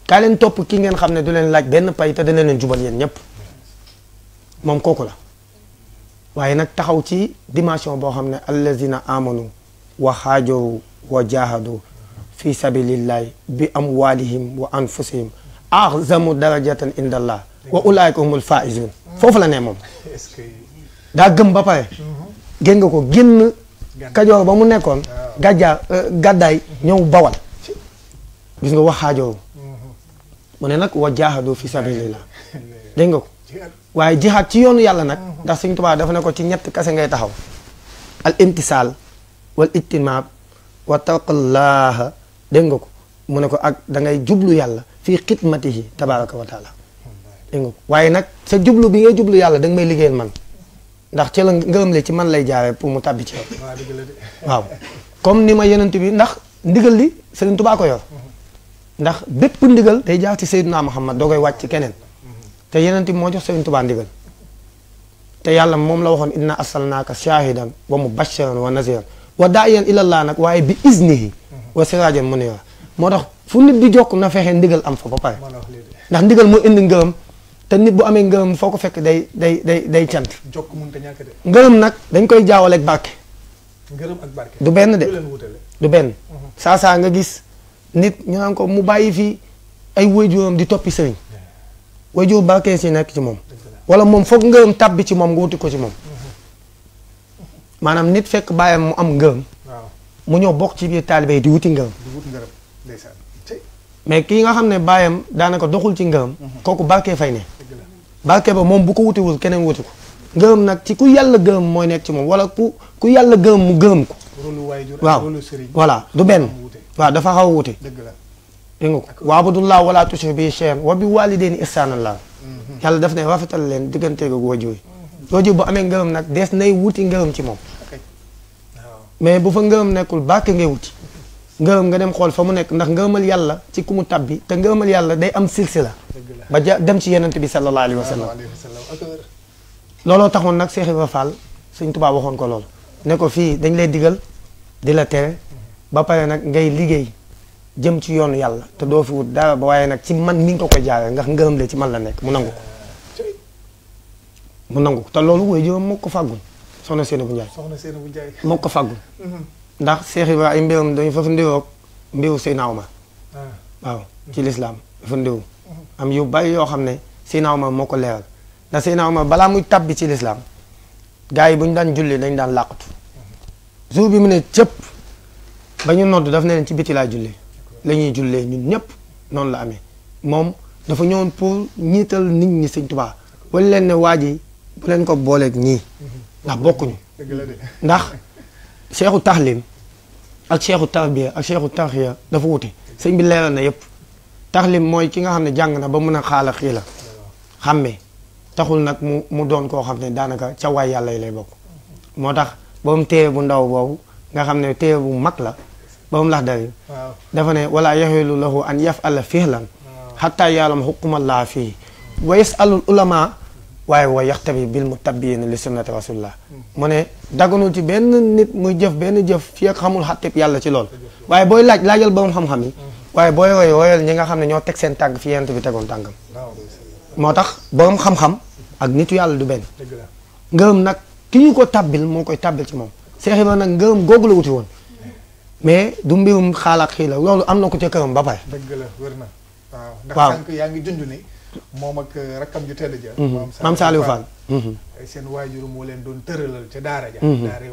kaay leen topp ki ngeen xam ne du leen laaj benn pay te dana leen jubal yéen ñëpp moom kooku la waaye nag taxaw ci dimension boo xam ne allazina amanu wa xaajoru wa jahadu fi sabilillahi bi amwalihim wa anfusihim azamu darajatan inda allah wa ulaika humul faizun la ne moom daa gëm ba pare gén nga ko génn kajoor ba mu nekkoon gàjjaa euh, gàddaay ñëw bawal gis nga wax xaajoru mu ne nag wa jahadu fi sabilillah waaye jihaad ci yoonu yàlla nag ndax Sëñ Tuubaa dafa ne ko ci ñett kase ngay taxaw al imtisaal wal ijtimaab wa taqallaaha nga ko mu ne ko ak da ngay jublu yàlla fii xidmatihi tabaaraka wa taala dégg nga ko waaye nag sa jublu bi ngay jublu yàlla da may liggéeyal man ndax ci la ngërëm li ci man lay jaare pour mu tàbbi ci waaw comme ni ma yenent bi ndax ndigal li Sëriñ Tuubaa ko yor ndax bépp ndigal day jaar ci Seydina Muhammad doo koy wàcc ci keneen te yeneen bi moo jox Sëriñ Tuubaa ndigal te yàlla moom la waxoon inna arsalnaaka shaahidan wa mubashiran wa naziran wa daa'iyan ilallah nag waaye bi iznihi wa siraajan munira moo tax fu nit di jokk na fexe ndigal am fa ba pare ndax ndigal moo indi ngërëm te nit bu amee ngërëm foo ko fekk day day day day cant jokk mënta ñàkk ngërëm nag dañ koy jaawale ak barke ak barke du benn de du benn mhm. saa saa nga gis nit ñu naan ko mu bàyyi fii ay waajuram di toppi sëriñ waajur barke si nekk ci moom wala moom foog ngërëm tàbbi ci moom nga wuti ko ci moom maanaam nit fekk bàyyam mu am ngërëm mu ñëw bokk ci biir taalibe yi di wuti ngërëm mais kii nga xam ne bàyyam daanaka doxul ci ngërëm mhm. kooku barke fay ne barke ba moom bu ko wutiwul keneen wuti ko ngërëm nag ci ku yàlla gërëm mooy nekk ci moom wala ku ku yàlla gërëm mu gërëm ko waaw voilà du benn waaw dafa xaw a wuute dégg nga ko waabudullah wala tushrik bihi shay'an waa bi walidayni ihsanan la mm-hmm. yàlla daf na rafetal leen diggante ak waajur yi waajur bu amee ngërëm nag des nay wuti ngërëm ci moom mais bu fa ngërëm nekkul bàkk ngay wuti ngërëm nga dem xool fa mu nekk ndax ngërëmal yàlla ci ku mu tabbi te ngërëmal yàlla day am silsila ba ja dem ci yenent bi sallallahu alayhi wa sallam looloo taxoon nag Seex Ibra Faal Sëñ waxoon ko loolu ne ko fii dañ lay digal di la tere pare nag ngay liggéey jëm ci yoon yàlla te doo fi wut dara ba waaye nag ci man mi nga ko koy jaaree ndax ngërëm la ci man la nekk mu nangu ko mu nangu ko te loolu woy jëm moo ko fàggul soxna Seynabou Ndiaye. soxna Seynabou Ndiaye moo ko fàggul. Mhm. ndax Seex Ibra ay mbiram dañu fa ndiroog mbiru ah. mhm. ci lislaam dafa mhm. yu bari yoo xam ne Seydina Omar moo ko leeral ndax Seydina Omar balaa muy tàbbi ci lislaam gars yi bu ñu daan julli dañ daan làqatu jour bi mu ne cëpp ba ñu nodd daf ne leen ci biti laa julli la ñuy jullee ñun ñëpp noonu la amee moom dafa ñëwoon pour ñiital nit ñi sëñ Tuubaa wala leen ne waa ji bu leen ko booleek ñii ndax bokkuñu ndax seexu taxlim ak seexu tarbiya ak seexu tarxiya dafa wuti sëñ bi leeral na yëpp taxlim mooy ki nga xam ne jàng na ba mën a xaala xii la xàmmee taxul nag mu mu doon koo xam ne daanaka ca waay yàlla yi lay bokk moo tax ba mu téye bu ndaw boobu nga xam ne téye bu mag la ba mu lax dari dafa ne wala yaxilu lahu an yafala fihlan xataa yaalama xuqumallaa fii wa yasalul ulama waaye wa yaxtabi bil muttabiina li sunnati rasulillah mu ne daganul ci benn nit muy jëf benn jëf fii ak xamul xattib yàlla ci lool waaye booy laaj laajal borom xam-xam yi waaye booy roy royal ñi nga xam ne ñoo teg seen tànk fi yent bi tegoon tànkam moo tax borom xam-xam ak nitu yàlla du benn ngërëm nag ki ñu ko tàbbil moo koy tàbbil ci moom seexi ba nag ngërëm googu la wuti woon mais du mbirum xaal ak xii la am na ko ca këram ba pare. dëgg la wër na waaw. ndax sànq yaa ngi junj ni moom ak euh, rakkam ju tedd ja. Mhm. maam Saliou Fall mhm. seen waajur moo leen doon tëralal ca daara ja. Mhm. daara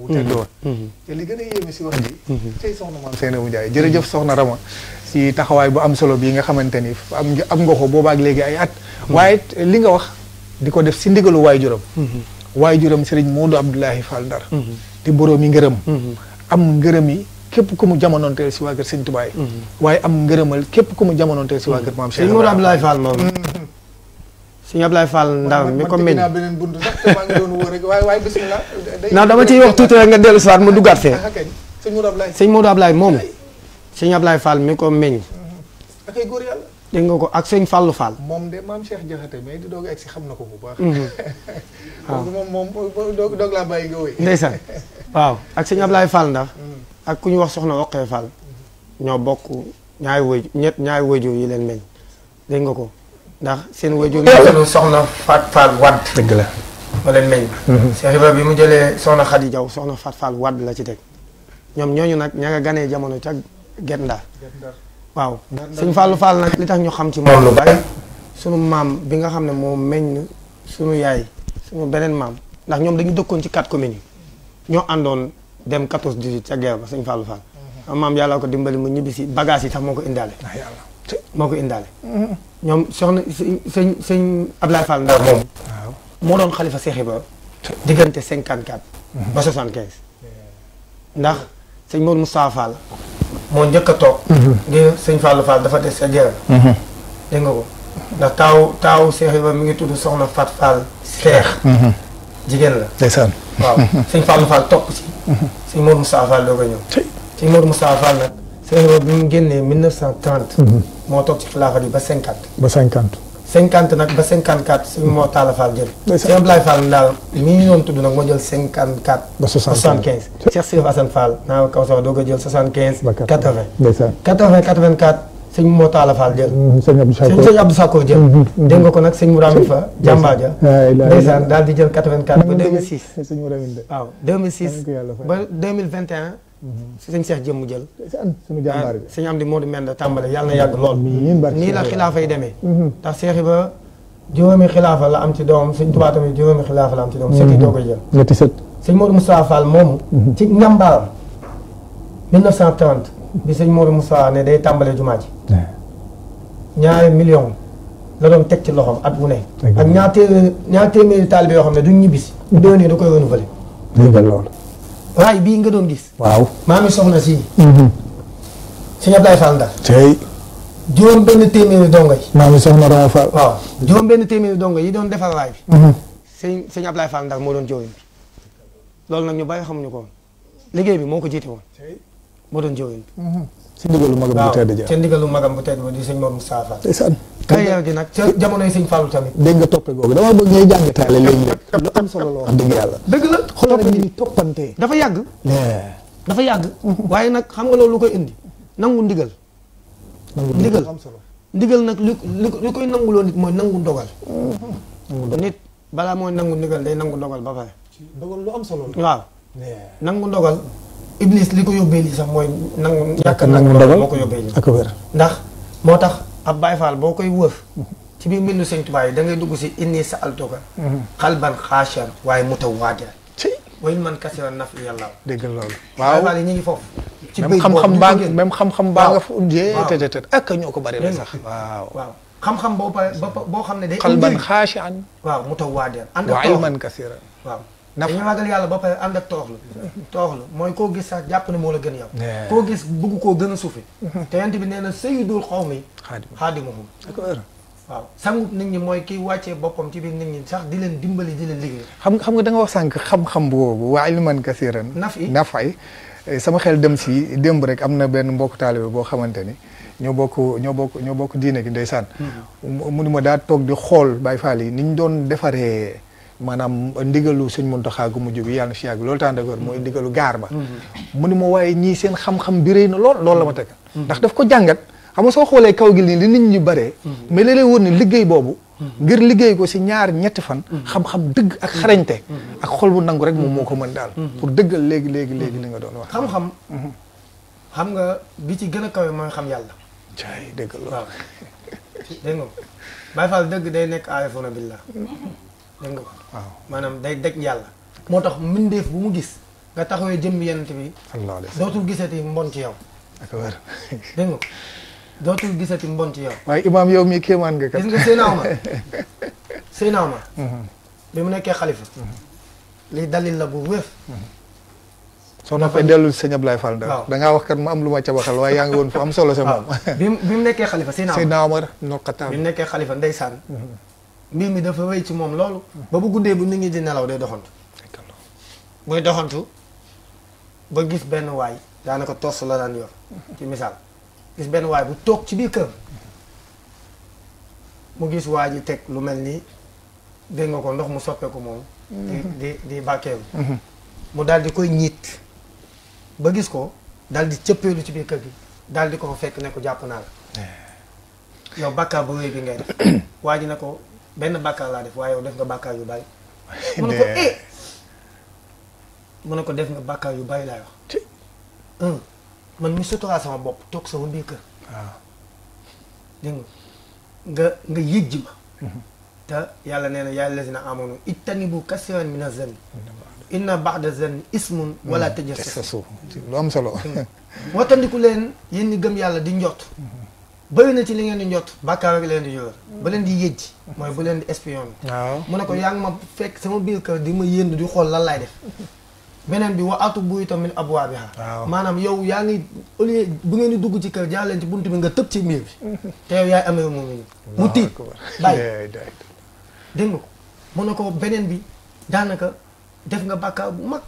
wu tedd woon. te li gën a yéeme si wax ji. tey soxna maam Seynabou Ndiaye jërëjëf soxna Rama. si taxawaay bu am solo bii nga xamante ni am am nga ko boobaak léegi ay at. waaye eh, li nga wax di ko def si ndigalu waaye waajuram Serigne Modou Abdoulaye Fall Ndar. di borom yi ngërëm. am ngërëm yi. képp ku mu jamonoonteel si waa kër Sëñ Tuubaa mm-hmm. waaye am ngërëmal képp ku mu jamonoonteel si waa kër maam Cheikh Mourou Abdoulaye Fall moom mm-hmm. sëñ Abdoulaye Fall ndaw mi ko meññ ndax dama ciy wax tuuti rek nga dellu si waat mu duggaat fee ah, sëñ Modou Abdoulaye moom sëñ Abdoulaye Fall mi ko meññ mm-hmm. dégg nga ko ak sëñ Fallou Fall. moom de maam Cheikh Jaxate mais di doog a egg si xam na ko bu baax. waaw waaw ak sëñ Abdoulaye Fall ndax. ak ku ñu wax soxna Roqee Fall ñoo bokk ñaari wëju ñet ñaari weju yi leen meñ dégg nga ko ndax seen wëju soxna Fat Fall Wad dëgg la ma leen meñ mhm. Cheikh Ibra bi mu jëlee soxna Khady Diaw soxna Fat Fall Wad la ci teg ñoom ñoo ñu nag ña nga ganee jamono ca Guet Ndar waaw suñ Fallou Fall nag li tax ñu xam ci moom lu bari sunu maam bi nga xam ne moo meññ sunu yaay sunu beneen maam ndax ñoom dañu dëkkoon ci quatre communes yi ñoo àndoon dem 14 18 ca geew ba sëñ Fallou Fall. maam yàlla ko dimbali mu ñibbi si bagage yi sax moo ko indaale. Ah, mm-hmm. moom. Seex mm-hmm. ba 75. ndax a toog. Mm-hmm. ngir sëñ sa jeeram. dégg nga ko ndax taaw taaw Seex Ibra mi ngi tudd Soxna Fat Fall Seex. jigéen la. ndeysaan waaw sëñ Fallou Fall topp ci. Mhm. sëñ Modou Moustapha Fall doo ko ñëw. sëñ Modou Moustapha Fall nag. sëñ Modou bi mu génnee 1930. Mhm. moo toog ci xilaafa ba 50. ba 50. 50 nag ba 54 sëñ Mor Talla Fall jël. ndeysaan sëñ Ablaye Fall daal mi ñu doon tudd nag moo jël 54. ba 75 75. naa kaw sax doo ko jël 75. ba 80 ndeysaan 80 84. sëñ moo taala Fall jël mm, sëñ Abdou Sakko jël mm-hmm. dégg nga ko nag sëñ Mourami Fa jàmbaar ja ndeysaan daal di jël 84 ba 2006 mm-hmm. waaw 2006 ba 2021 mm-hmm. sëñ Cheikh jëmm jël suñu jàmbaar bi ah, sëñ Amdi Modou Menda tàmbale yàlla na yàgg lool nii la xilaafa yi demee ndax Cheikh Iba juróomi xilaafa la am ci doom sëñ Tuubaa tamit juróomi xilaafa la am ci doom sët yi doo koy jël ñetti sët sëñ Modou Moustapha Fall moomu ci njàmbaaram 1930 bi moo Modou Moussa ne day tàmbalee jumaa ji ñaari million la doon teg ci loxo ak bu ne ak ñaar téeméeri ñaar yoo xam ne duñ ñibbisi bu yi da koy renouvelé dëgg loolu raay nga doon gis waaw maa ngi soxna sii mm-hmm. sëñ Abdoulaye benn téeméeri dongo yi maa ngi soxna Rawa waaw juróom benn téeméeri dongo yi doon defar raay bi mm-hmm. sëñ sëñ Abdoulaye Fall Ndar moo doon jëwriñ bi loolu nag ñu bàyyi xamuñu ko liggéey bi moo ko jiite woon moo doon jëwriñ bi mm-hmm. si ndigalu magam bu tedd ja waaw ca ndigalu magam bu tedd ba di sëñ Mor Moussa Fall. ndeysaan. carrière gi nag ca jamonoy sëñ Fallou tamit. dégg nga toppe googu dama bëgg ngay jàngataale léeg-léeg lu am solo la wax dëgg yàlla. dëgg la xoolal bi di toppante. dafa yàgg. dafa yàgg. Mm-hmm. waaye nag xam nga loolu lu koy indi nangu ndigal. ndigal nag li li koy nanguloo nit mooy mm-hmm. nangu ndogal. nit balaa mooy nangu ndigal day nangu ndogal ba pare. dogal lu am solo la. waaw nangu ndogal. Iblis li ko yóbbee lii sax mooy. nangu ñàkk nangu ndogal moo ko yóbbee lii ak wér. ndax moo tax ab Baay Faal boo koy wëf. ci biir mbindu Sëñ Tuubaa yi da ngay dugg si inni sa altoka. xalban mhm. xaashan waaye mu taw waajal. man kasira naf yàlla. dégg nga loolu waaw Baay ñu ngi foofu. ci béy xam-xam baa même xam-xam ak ñoo ko bari la sax. waaw waaw xam-xam boo xam ne day. xalban xaashan waaw mu taw waajal. ànd ak waaw ndax dañu eh? ragal yàlla ba pare ànd ak toox la mooy koo gis sax jàpp ne moo la gën yow eh. koo gis bëgg koo gën a suufe te yant bi nee na sayyidul qawmi xaadimuhum waaw sangub nit ñi mooy kiy wàccee boppam ci biir nit ñi sax di leen dimbali di leen liggéey xam xam nga da wax sànq xam-xam boobu waa ilman kasiran naf i naf ay eh, sama xel dem si démb rek am na benn mbokk taalibe boo xamante ni ñoo bokk ñoo bokk ñoo bokk diine gi ndeysaan mm-hmm. mu ni ma daa toog di xool Baay Faal yi ni doon defaree maanaam ndigalu sëñ Muntaxa gu mujj bi yàlla na fi yàgg loolu tànn mooy ndigalu gaar ba mu ni ma waaye ñii seen xam bi rëy na lool loolu la ma teg ndax daf ko jàngat xam nga soo xoolee kaw gi nii li nit ñi baree mais léeg-léeg wóor ne liggéey boobu ngir liggéey ko si ñaar ñetti fan xam-xam dëgg ak xarañte ak xol bu nangu rek moom moo ko mën daal pour dëggal léegi léegi léegi li nga doon wax xam-xam xam nga bi ci gën a kawe mooy xam yàlla jaay dëgg dëgg day nekk aarifuna billah dégg waaw maanaam day daj yàlla moo tax mbindeef bu mu gis nga taxawee jëmm yonent bi dootul gisati mbon ci yow d'accord dégg nga ko dootul gisati mbon yow waaye imaam yow mii kéemaan nga kat gis nga Seydina Omar Seydina mhm. bi mu nekkee xalifa mhm. lii dalil la bu wéef mhm. soxna Faye dellul sëñ Ablaye Fall da dangaa wax kat ma am lu ma ca waaye yaa ngi woon fu am solo sa moom bi mu nekkee xalifa Seydina Omar Seydina Omar noqataan bi mu nekkee xalifa ndeysaan mbir mi dafa wéy ci moom loolu. ba bu guddee bu nit ñi di nelaw day doxantu. muy doxantu ba gis benn waay daanaka tos la daan yor. ci misaal gis benn waay bu toog ci biir kër mu gis waa teg lu mel ni dégg nga ko ndox mu soppeeku moom. di mhm. di di bàkkeeru. Mhm. mu daal koy ñiit ba gis ko daal di cëppeelu ci biir kër gi daal di ko fekk ne ko jàpp naa la. Eh. yow bàkkaar bu wéy bi ngay def ji ne ko. benn bàkkaar laa def waaye yow def nga bàkkaar yu bari. mu ne ko eh. mu ne ko def nga bàkkaar yu bari laay wax. un man mi suturaal sama bopp toog sama biir kër. waaw. Ah. dégg nga nga yëg ji ma. Mhm. te yàlla nee na yaa allazina amanu ittanibu kasiran mina zanni. inna ba'da zanni ismun. wala hmm. tajassasu lu am solo. watandiku leen yéen gëm yàlla di njort. Mhm. bëri na ci li ngeen di njot bàkkaar rek leen di yor mm. ba leen di yëj mooy bu leen di espion mu ne ko yaa ngi ma fekk sama biir kër di ma yénd di xool lan laay def beneen bi wa atu buyutan min abwaabihaa maanaam yow yaa ngi au bu ngeen di dugg ci kër jaar leen ci buntu bi nga tëb ci miir bi te yow yaay amee moom yi mu tiit bàyyi dégg nga ko mu ne ko beneen bi daanaka def nga bàkkaar bu mag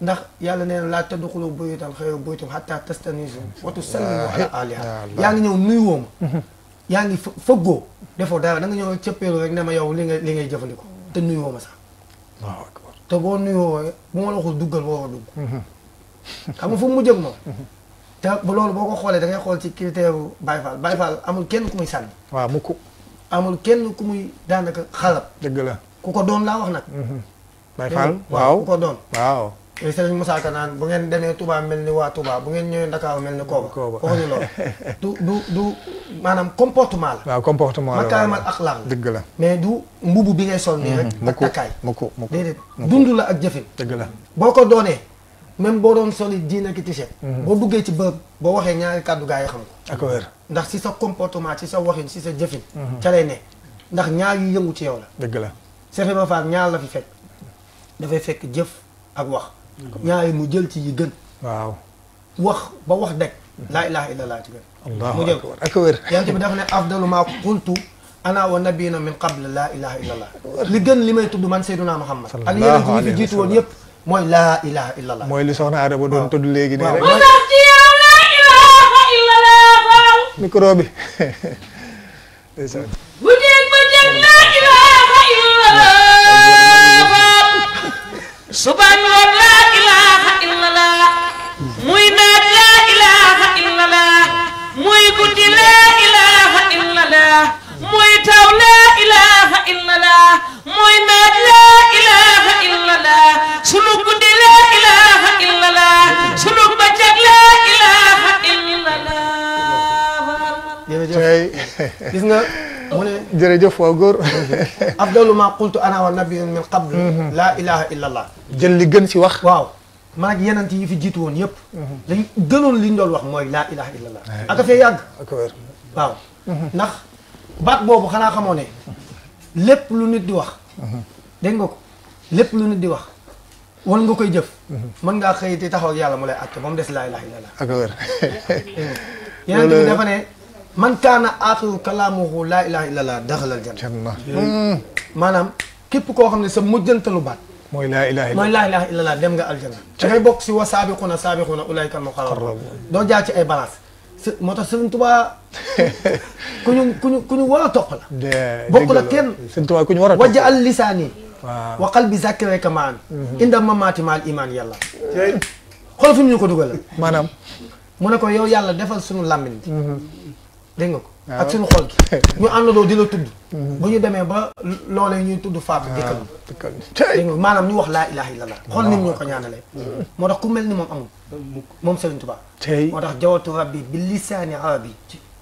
ndax yàlla nee na laa tadxulu buyutan xayra buyutikum hattaa tastanisu wa tusallimu ala ahlihaa yaa ngi ñëw nuyuwoo ma yaa ngi fëggoo defoo dara da nga ñëw cëppeelu rek ne ma yow li ngay li ngay jëfandikoo te nuyuwoo ma sax te boo nuyoo bu ma la waxul duggal waroo dugg mhm. xam nga fu mu jëm moom te loolu boo ko xoolee da ngay xool ci critère Baye Fall Baye Fall amul kenn ku muy sànni waaw mukk amul kenn ku muy daanaka xalab dëgg la ku ko doon laa wax nag mhm. Baye Fall mm-hmm. waaw ku ko doon waaw eh, Serigne Moussa Ka naan bu ngeen demee tubaab mel ni waa Touba bu ngeen ñëwee Ndakaaru mel ni Kooba waxuñu loolu du du du maanaam comportement la waaw comportement la makaarimal axlaaq la dëgg la mais du mbubu bi ngay sol nii rek mm-hmm. ak takkaay mukk mukk déedéet dund la ak jëfin dëgg la boo ko doonee même boo doon soli diin ak t-shirt mm-hmm. boo duggee ci bërëb boo waxee ñaari kàddu gaa xam ko ak wér ndax si sa comportement ci sa waxin si sa jëfin ca ne ndax ñaar yi yëngu ci yow la dëgg la Serigne Fall ñaar la fi fekk dafay fekk jëf ak wax. Mm-hmm. ñaari mu jël ci yi gën. waaw wax ba wax daj. laa ilaha illallah ci gën. mu jël ak wér. yonent bi dafa ne afdalu maa qultu ana wa nabiyina min qabla laa ilaha illallah. li gën li may tudd man Seyduna Muhammad. ak yeneen yi fi jiitu woon yëpp mooy laa ilaha illallah. mooy li soxna Adama doon tudd léegi nii rek. micro bi. subhaan wa laa ilaaha illallah muy naaj laa ilaaha illallah muy guddi laa ilaaha illallah muy taw laa ilaaha illallah muy naaj laa ilaaha illallah sunu guddi laa ilaaha illallah sunu bëccëg laa ilaaha illallah. jërëjëf gis nga. mu ne jërëjëf waa góor afdalu ma qultu ana wa nabiyun min qabl mhm. laa ilaha illa allah jël li gën si wax waaw man ak yeneen yi fi jiitu woon yëpp dañ mhm. gënoon li ñu wax mooy laa ilaha illa allah aka fee yàgg waaw mhm. ndax baat boobu xanaa xamoo ne lépp lu nit di wax dégg nga ko lépp lu nit di wax wan nga koy jëf mën ngaa xëy te taxaw yàlla mu lay àtte moom des laa ilaha illa allah ak man kaana axiru la laa ilaaha illallah daxalal janna hmm. maanaam képp koo xam ne sa mujjantalu baat. mooy laa ilaaha illallah mooy laa ilaaha illallah dem nga aljanna. da ngay bokk si wa saabiquuna saabiquuna ulaayka al-muqarrabuun doo jaar ci ay balance. moo tax Sëriñ Tuubaa ku ñu ku ñu ku ñu war a topp la. bokk la kenn. Sëriñ Tuubaa ku ñu war a topp wajja al lisaani. waaw wa qalbi zakreka maan. Mhm. inda mamaati maal imaan yàlla. xool fi mu ñu ko dugal. maanaam. mu ne ko yow yàlla defal sunu làmmiñ. dégg nga ko. Ah, ak suñu xool gi ñu àndandoo di la tudd. Mhm. bu ñu demee ba loolee ñuy tudd faatu dikkal. dikkal dégg nga maanaam ñu wax laa ilaha illallah. Ah, xool nit ñoo ko ñaanalee. Mhm. moo tax ku mel ni moom amul. moom Serigne Touba. tey moo tax jawatu rabbi bi lisaani arabi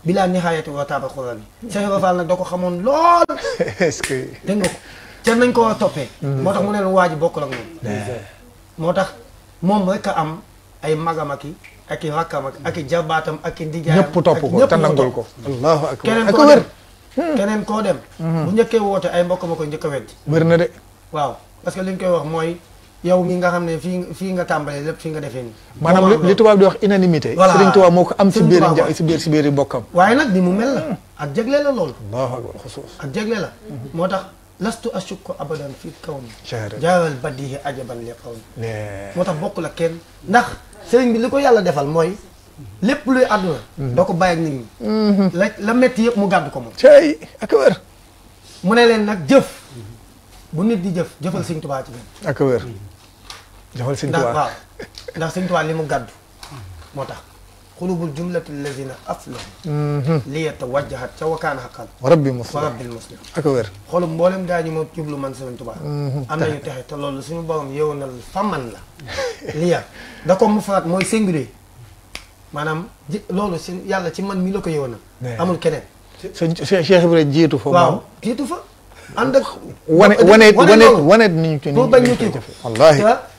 bilaa nihaayati wa taaba xurabi. Cheikh Ibra Fall nag da ko xamoon lool. est-ce ko ca nañ ko war a toppee. Mhm. moo tax mu ne leen waa ji bokkul ak moom. moo tax moom rek am ay magamaki. ak i rakkam ak i jabaatam ak i ndijaayam ñëpp topp ko te ko allahu akbar ak wér hmm. keneen koo dem hmm. bu woote ay mbokk ma ko njëkk a weddi waaw parce que li ñu koy wax mooy yow mi nga xam ne fii fii nga tàmbalee lépp fii nga defee nii maanaam li tubaab di wax unanimité Sëriñ Tuubaa moo ko am si biir si biir si biir yi bokkam waaye nag ni mu mel la hmm. ak jagle la loolu allahu xusuus ak jagle la moo tax lastu ashukku abadan fii kaw mi jaaral badihi ajaban li qawmi moo tax bokk la kenn ndax sëriñ bi li ko yàlla defal mooy lépp luy àdduna. Mhm. doo ko bàyyi ak nit ñi. Mhm. la la métti yëpp mu gàddu ko moom. cey ak wér. mu ne leen nag jëf bu nit di jëf jëfal sëñ Tuubaa ak wér jëfal sëñ Tuubaa ndax waaw ndax li mu gàddu moo tax. قلوب الجملة الذين أفلحوا توا كان حقا ورب المسلم ورب المسلم أكبر خول مبولم داني مو جبلو من سمن تبا أنا يتحي تلول سنو بام يونا الفمن لا ليا دكو مفرد موي سنجري maanaam ji loolu si yàlla ci man mii la ko yow na amul keneen sa Cheikh Ibrahima jiitu fa waaw jiitu fa ànd ak wane wane wane wane ni ñu ci bañ ñu ci wallaahi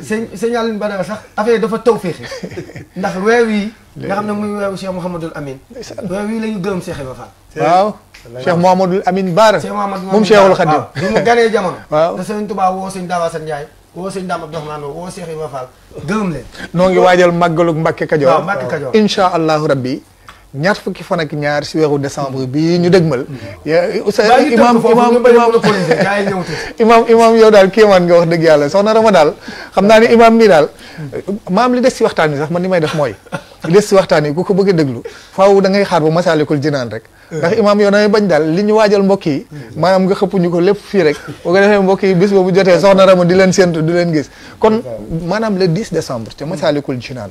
sëñ sëñ Aline Badara sax affaire dafa taw féexe ndax weer wii nga xam ne muy weeru Cheikh Mouhamadul Amin weer wii la ñu gërëm Cheikh Ibrahima Fall waaw Cheikh Mouhamadul Amin Baara Cheikh Mouhamadul moom Cheikhul Khadim bi mu ganee jamono waaw te sëñ Touba woo sëñ Dawa San Ndiaye woo sëñ Dame Abdourahmane woo Cheikh Ibrahima Fall noo ngi waajal màggalug Mbàkke Kajoor waaw Mbàkke Kajoor incha allahu rabbi ñaar fukki fan ñaar si weeru décembre bii ñu dëgmal. yaa ngi imaam imaam yow daal kéemaan nga wax dëgg yàlla soxna Rama daal xam naa ne imaam mii daal maam li des si waxtaan wi sax man ni may def mooy li des si waxtaan yi ku ko bëgg a déglu faaw da ngay xaar ba masaalikul jinaan rek. ndax imaam yow damay bañ daal li ñu waajal mbokk yi. maanaam nga xëpp ñu ko lépp fii rek. bu ko defee mbokk yi bis boobu jotee soxna Rama di leen séntu di leen gis kon maanaam le 10 décembre. te masaalikul jinaan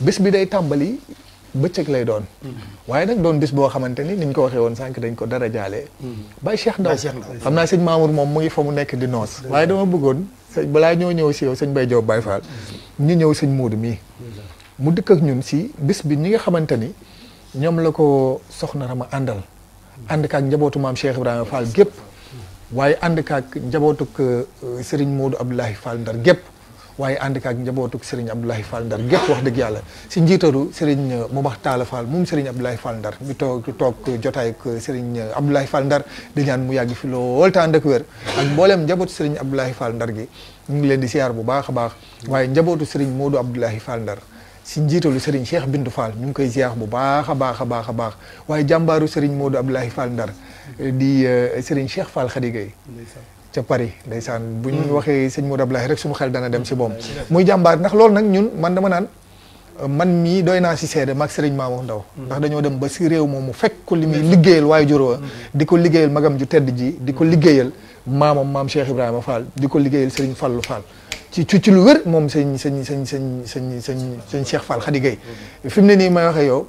bis bi bëccëg lay doon. Mm-hmm. waaye nag doon bis boo xamante ni ñu ko waxee woon sànq dañ ko dara jaale. Mm-hmm. Baye Cheikh Ndaw xam naa sëñ Mamour moom mu ngi fa mu nekk di noos. Mm-hmm. waaye dama bëggoon balaa ñoo ñëw si yow sëñ Baye Diop Baye Fall. ñu ñëw sëñ Moodu mii. mu dëkk ak ñun si bis bi ñi nga xamante ni ñoom la ko soxna Rama àndal. ànd kaak njabootu maam Cheikh Ibrahima Fall gépp waaye ànd kaak njabootuk euh, Serigne Moodu Abdoulahi Fall Ndar gépp waaye ànd ak njabootuk Serigne Abdoulaye Fall Ndar gépp wax dëgg yàlla si njiitaru Serigne Momax Talla Fall moom Serigne Abdoulaye Fall Ndar mi toog toog jotaay ak Serigne Abdoulaye Fall Ndar di ñaan mu yàgg fi lool te ànd ak wér ak mboolem njabootu Serigne Ndar gi ñu ngi leen di siyaar bu baax a baax waaye njabootu Serigne Modou Abdoulaye Fall Ndar si njiitalu Serigne Cheikh Bintou Fall ñu ngi koy ziar bu baax a baax a baax a baax waaye jàmbaaru Serigne Modou Abdoulaye Fall Ndar di eh, Serigne Cheikh Fall Khady Gueye ca Paris ndeysaan bu ñu hmm. waxee sëñ Modou Abdoulaye rek su suñu xel dana dem si moom hmm. muy jàmbaar ndax lool nag ñun man dama naan man mii doy naa si seede mag sëriñ Mamour ndaw hmm. ndax dañoo dem ba si réew moom mu fekk ko li muy liggéeyal waaye jurówa di ko liggéeyal magam ju tedd ji di ko liggéeyal maamam maam Cheikh Ibrahima Fall di ko liggéeyal sëriñ Fallou Fall ci ci ci lu wér moom sëñ sëñ sëñ sëñ sëñ sëñ sëñ Cheikh Fall Khady fi mu ne nii may waxee yow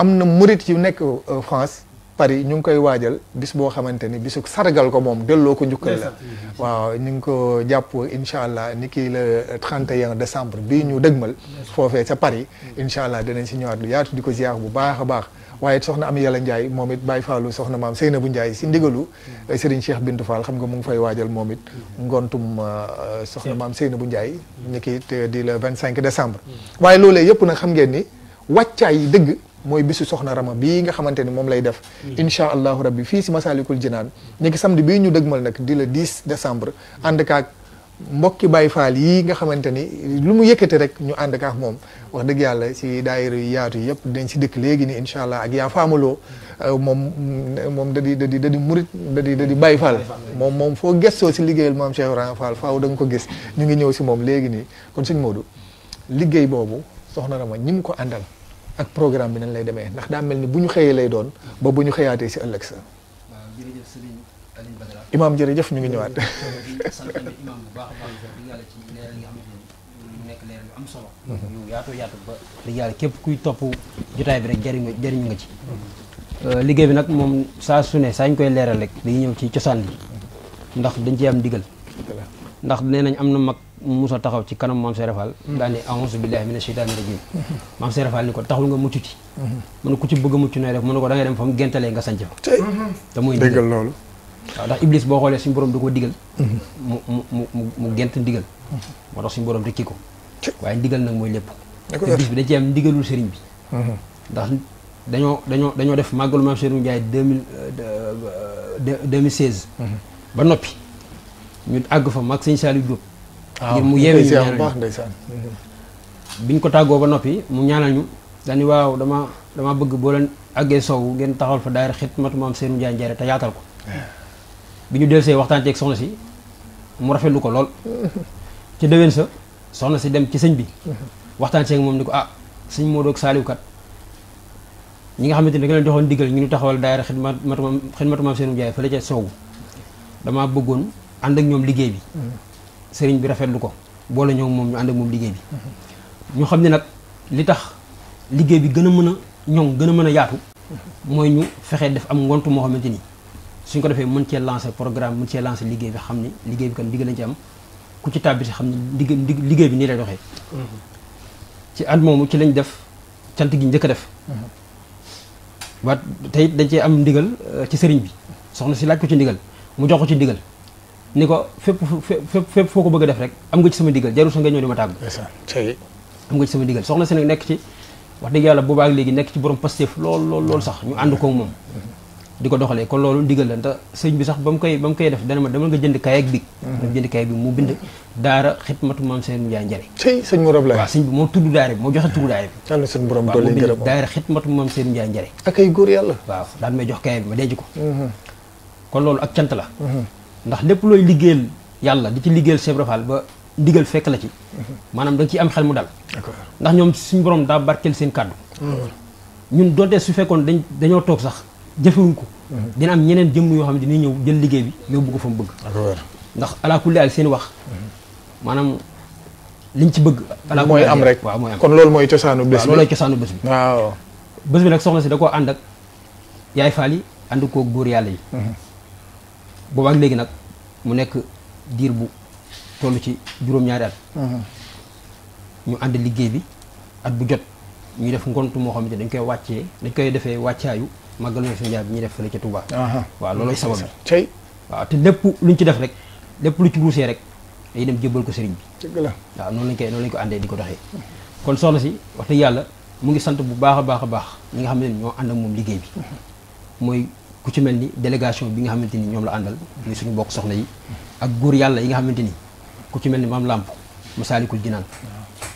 am na murit yu nekk euh, France Paris ñu ngi koy waajal bis boo xamante ni bisu sargal ko moom delloo ko njukkal la waaw ñu ngi ko jàpp incha allah ni kii le 31 décembre bi ñu dëgmal foofee ca Paris mm. incha allah dinañ si ñëwaat lu yaatu di ko ziar bu baax a baax waaye soxna am yala njaay moom it Baye Fallou soxna maam Seynabou Ndiaye si ndigalu mm. eh, Serigne Cheikh Bintou Fall xam nga mu ngi fay waajal moom it mm. ngontum euh, soxna maam Seynabou Ndiaye ni ki euh, di le 25 décembre waaye loolee yëpp nag xam ngeen ni mooy bisu soxna Rama bii nga xamante ni moom lay def. incha allahu rabbi fii si Masaalikul Jinaan ñu ngi samedi bii ñu dëgmal nag di la 10 décembre. ànd kaak mbokki bàyyi Faal yii nga xamante ni lu mu yëkkate rek ñu ànd kaak moom. wax dëgg yàlla si daayira yu yaatu yëpp dañ si dëkk léegi ni incha allah ak yaa faamaloo euh, moom moom da di da di da di murit da di da di Faal moom moom foo gëstoo si liggéeyal maam Cheikh Ibrahima Fall faaw danga ko gis ñu ngi ñëw si moom léegi nii kon sëñ Modou liggéey boobu soxna Rama ñi mu ko àndal ak programme bi nañ lay demee ndax daa mel ni bu ñu xëyee lay doon ba bu ñu xëyaatee si ëllëg sa. waaw jërëjëf imaam jërëjëf ñu ngi ñëwaat. sant imaam nga am solo. Mhm. yu yaatu ba. di képp kuy topp jotaay bi rek jëriñu jëriñu nga ci. Mhm. Euh, liggéey bi nag moom saa su ne saa ñu koy leeral rek dañuy ñëw ci cosaan bi ndax dañ ci am digal. ndax nee nañ am na mag musa taxaw ci kanam maam Seere Faal mm-hmm. daal ni a'uuzu billaahi mm-hmm. ni ko taxul nga mucc ci mm-hmm. mu ne ku ci bëgg mucc nooy def mu ne ko da ngay dem fa mu gentalee nga sanc fa te muy dëggal loolu waaw ndax iblis boo xoolee suñu borom da koo digal mu mu mu ndigal moo tax suñu borom rëkki ko waaye ndigal nag mooy lépp iblis bi da ci am ndigalul sëriñ bi ndax dañoo dañoo dañoo def màggalu maam Serigne Ndiaye deux mille euh, euh, ba noppi ñu ag fa mak seigne Saliou Diop ngir mu yewe ñu ndaysan biñ ko taggo ba nopi mu ñaanal ñu dañi waaw dama dama bëgg bo leen àggee sow ngeen taxawal fa daayira xidmatu maam seigne ndian jare ta yaatal ko biñu delsé delsee ci ak soxna ci mu rafetlu ko lol ci déwén sa soxna ci dem ci seigne bi waxtaan ci ah, ak mom niko ah seigne Modou ak Saliou kat ñi nga xamanteni ne da leen joxoon diggal ñu ñu taxawal daayira xitmat maam xidmatu seigne ndian fa la ci sow dama bëggoon ànd ak ñoom liggéey bi mm-hmm. sëriñ bi rafetlu ko boole ñoom moom ñu ànd ak moom liggéey bi mm-hmm. ñu xam ne nag li tax liggéey bi gën a mën a ñoŋ gën a mën a yaatu mm-hmm. mooy ñu fexee def am ngontu moo xamante ni suñ ko defee mën cee lancer programme mën cee lancer liggéey bi xam ne liggéey bi kan digg lañ ci am ci xam ne liggéey bi nii lay doxee ci at moomu ci lañ def cant gi njëkk a def waat tey dañ cee am ndigal euh, ci sëriñ bi soxna si laaj ko ci ndigal mu jox ko ci ndigal ni ko fep fep fépp foo bëgg def rek am nga ci sama diggal jaru sa nga ñëw di ma tag am nga ci sama diggal soxna si nek ci wax deug yalla bu baag legi nek ci borom passif lool lool lool sax ñu and ko moom di ko doxalee kon loolu diggal la ta sëñ bi sax bam koy bam koy def dana ma dama nga jënd kay ak bi mhm. dama jënd kay bi mu bind daara xitmatu maam seen mu njaay njëriñ sëy sëñ mu rab la waaw sëñ bi mo tuddu daara mo joxe tuddu daara bi tan seen borom dolli ngërëm daara xitmatu maam seen mu njaay njëriñ ak ay góor waaw daan may jox kay bi ma dejj ko mhm. kon loolu ak cant la mhm. ndax lépp looy liggéeyal yàlla di ci liggéeyal Cheikh Ibra ba ndigal fekk la ci maanaam da nga ciy am xel mu dal ndax ñoom suñu borom daa barkeel seen kàddu ñun doonte su fekkoon dañ dañoo toog sax jëfewuñ ko mhm. dina am ñeneen jëmm yoo xam ne dina ñëw jël liggéey bi yóbbu ko fa mu bëgg ndax ala kulli ak seen wax mhm. maanaam li ñu ci bëgg ala mooy am rek waaw mooy am kon loolu mooy cosaanu bés bi loolooy cosaanu bés bi waaw bés bi nag soxna si da koo ànd ak yaay faal yi ànd koo góor yàlla yi mhm. ak léegi nag mu nekk diir bu toll ci juróom-ñaari at mhm. ñu ànd liggéey bi at bu jot ñu def ngont moo xam xamante dañ koy wàccee dañ koy defee wàccaayu màggalu Sëriñ Njaay bi ñuy def fële ca Touba waaw loolooy sabab bi waaw te lépp luñ ci def rek lépp lu ci ruusee rek day dem jëbal ko sëriñ bi waaw noonu lañ koy noonu lañ ko àndee di ko doxee kon soxna si wax yàlla mu ngi sant bu baax a baax a baax ñi nga xam ne ñoo ànd ak moom liggéey bi mhm. ku ci mel ni délégation bi nga xamante ni ñoom la àndal suñu bokk soxna yi ak góor yàlla yi nga xamante ni ku ci mel ni maam làmp masaalikul jinaan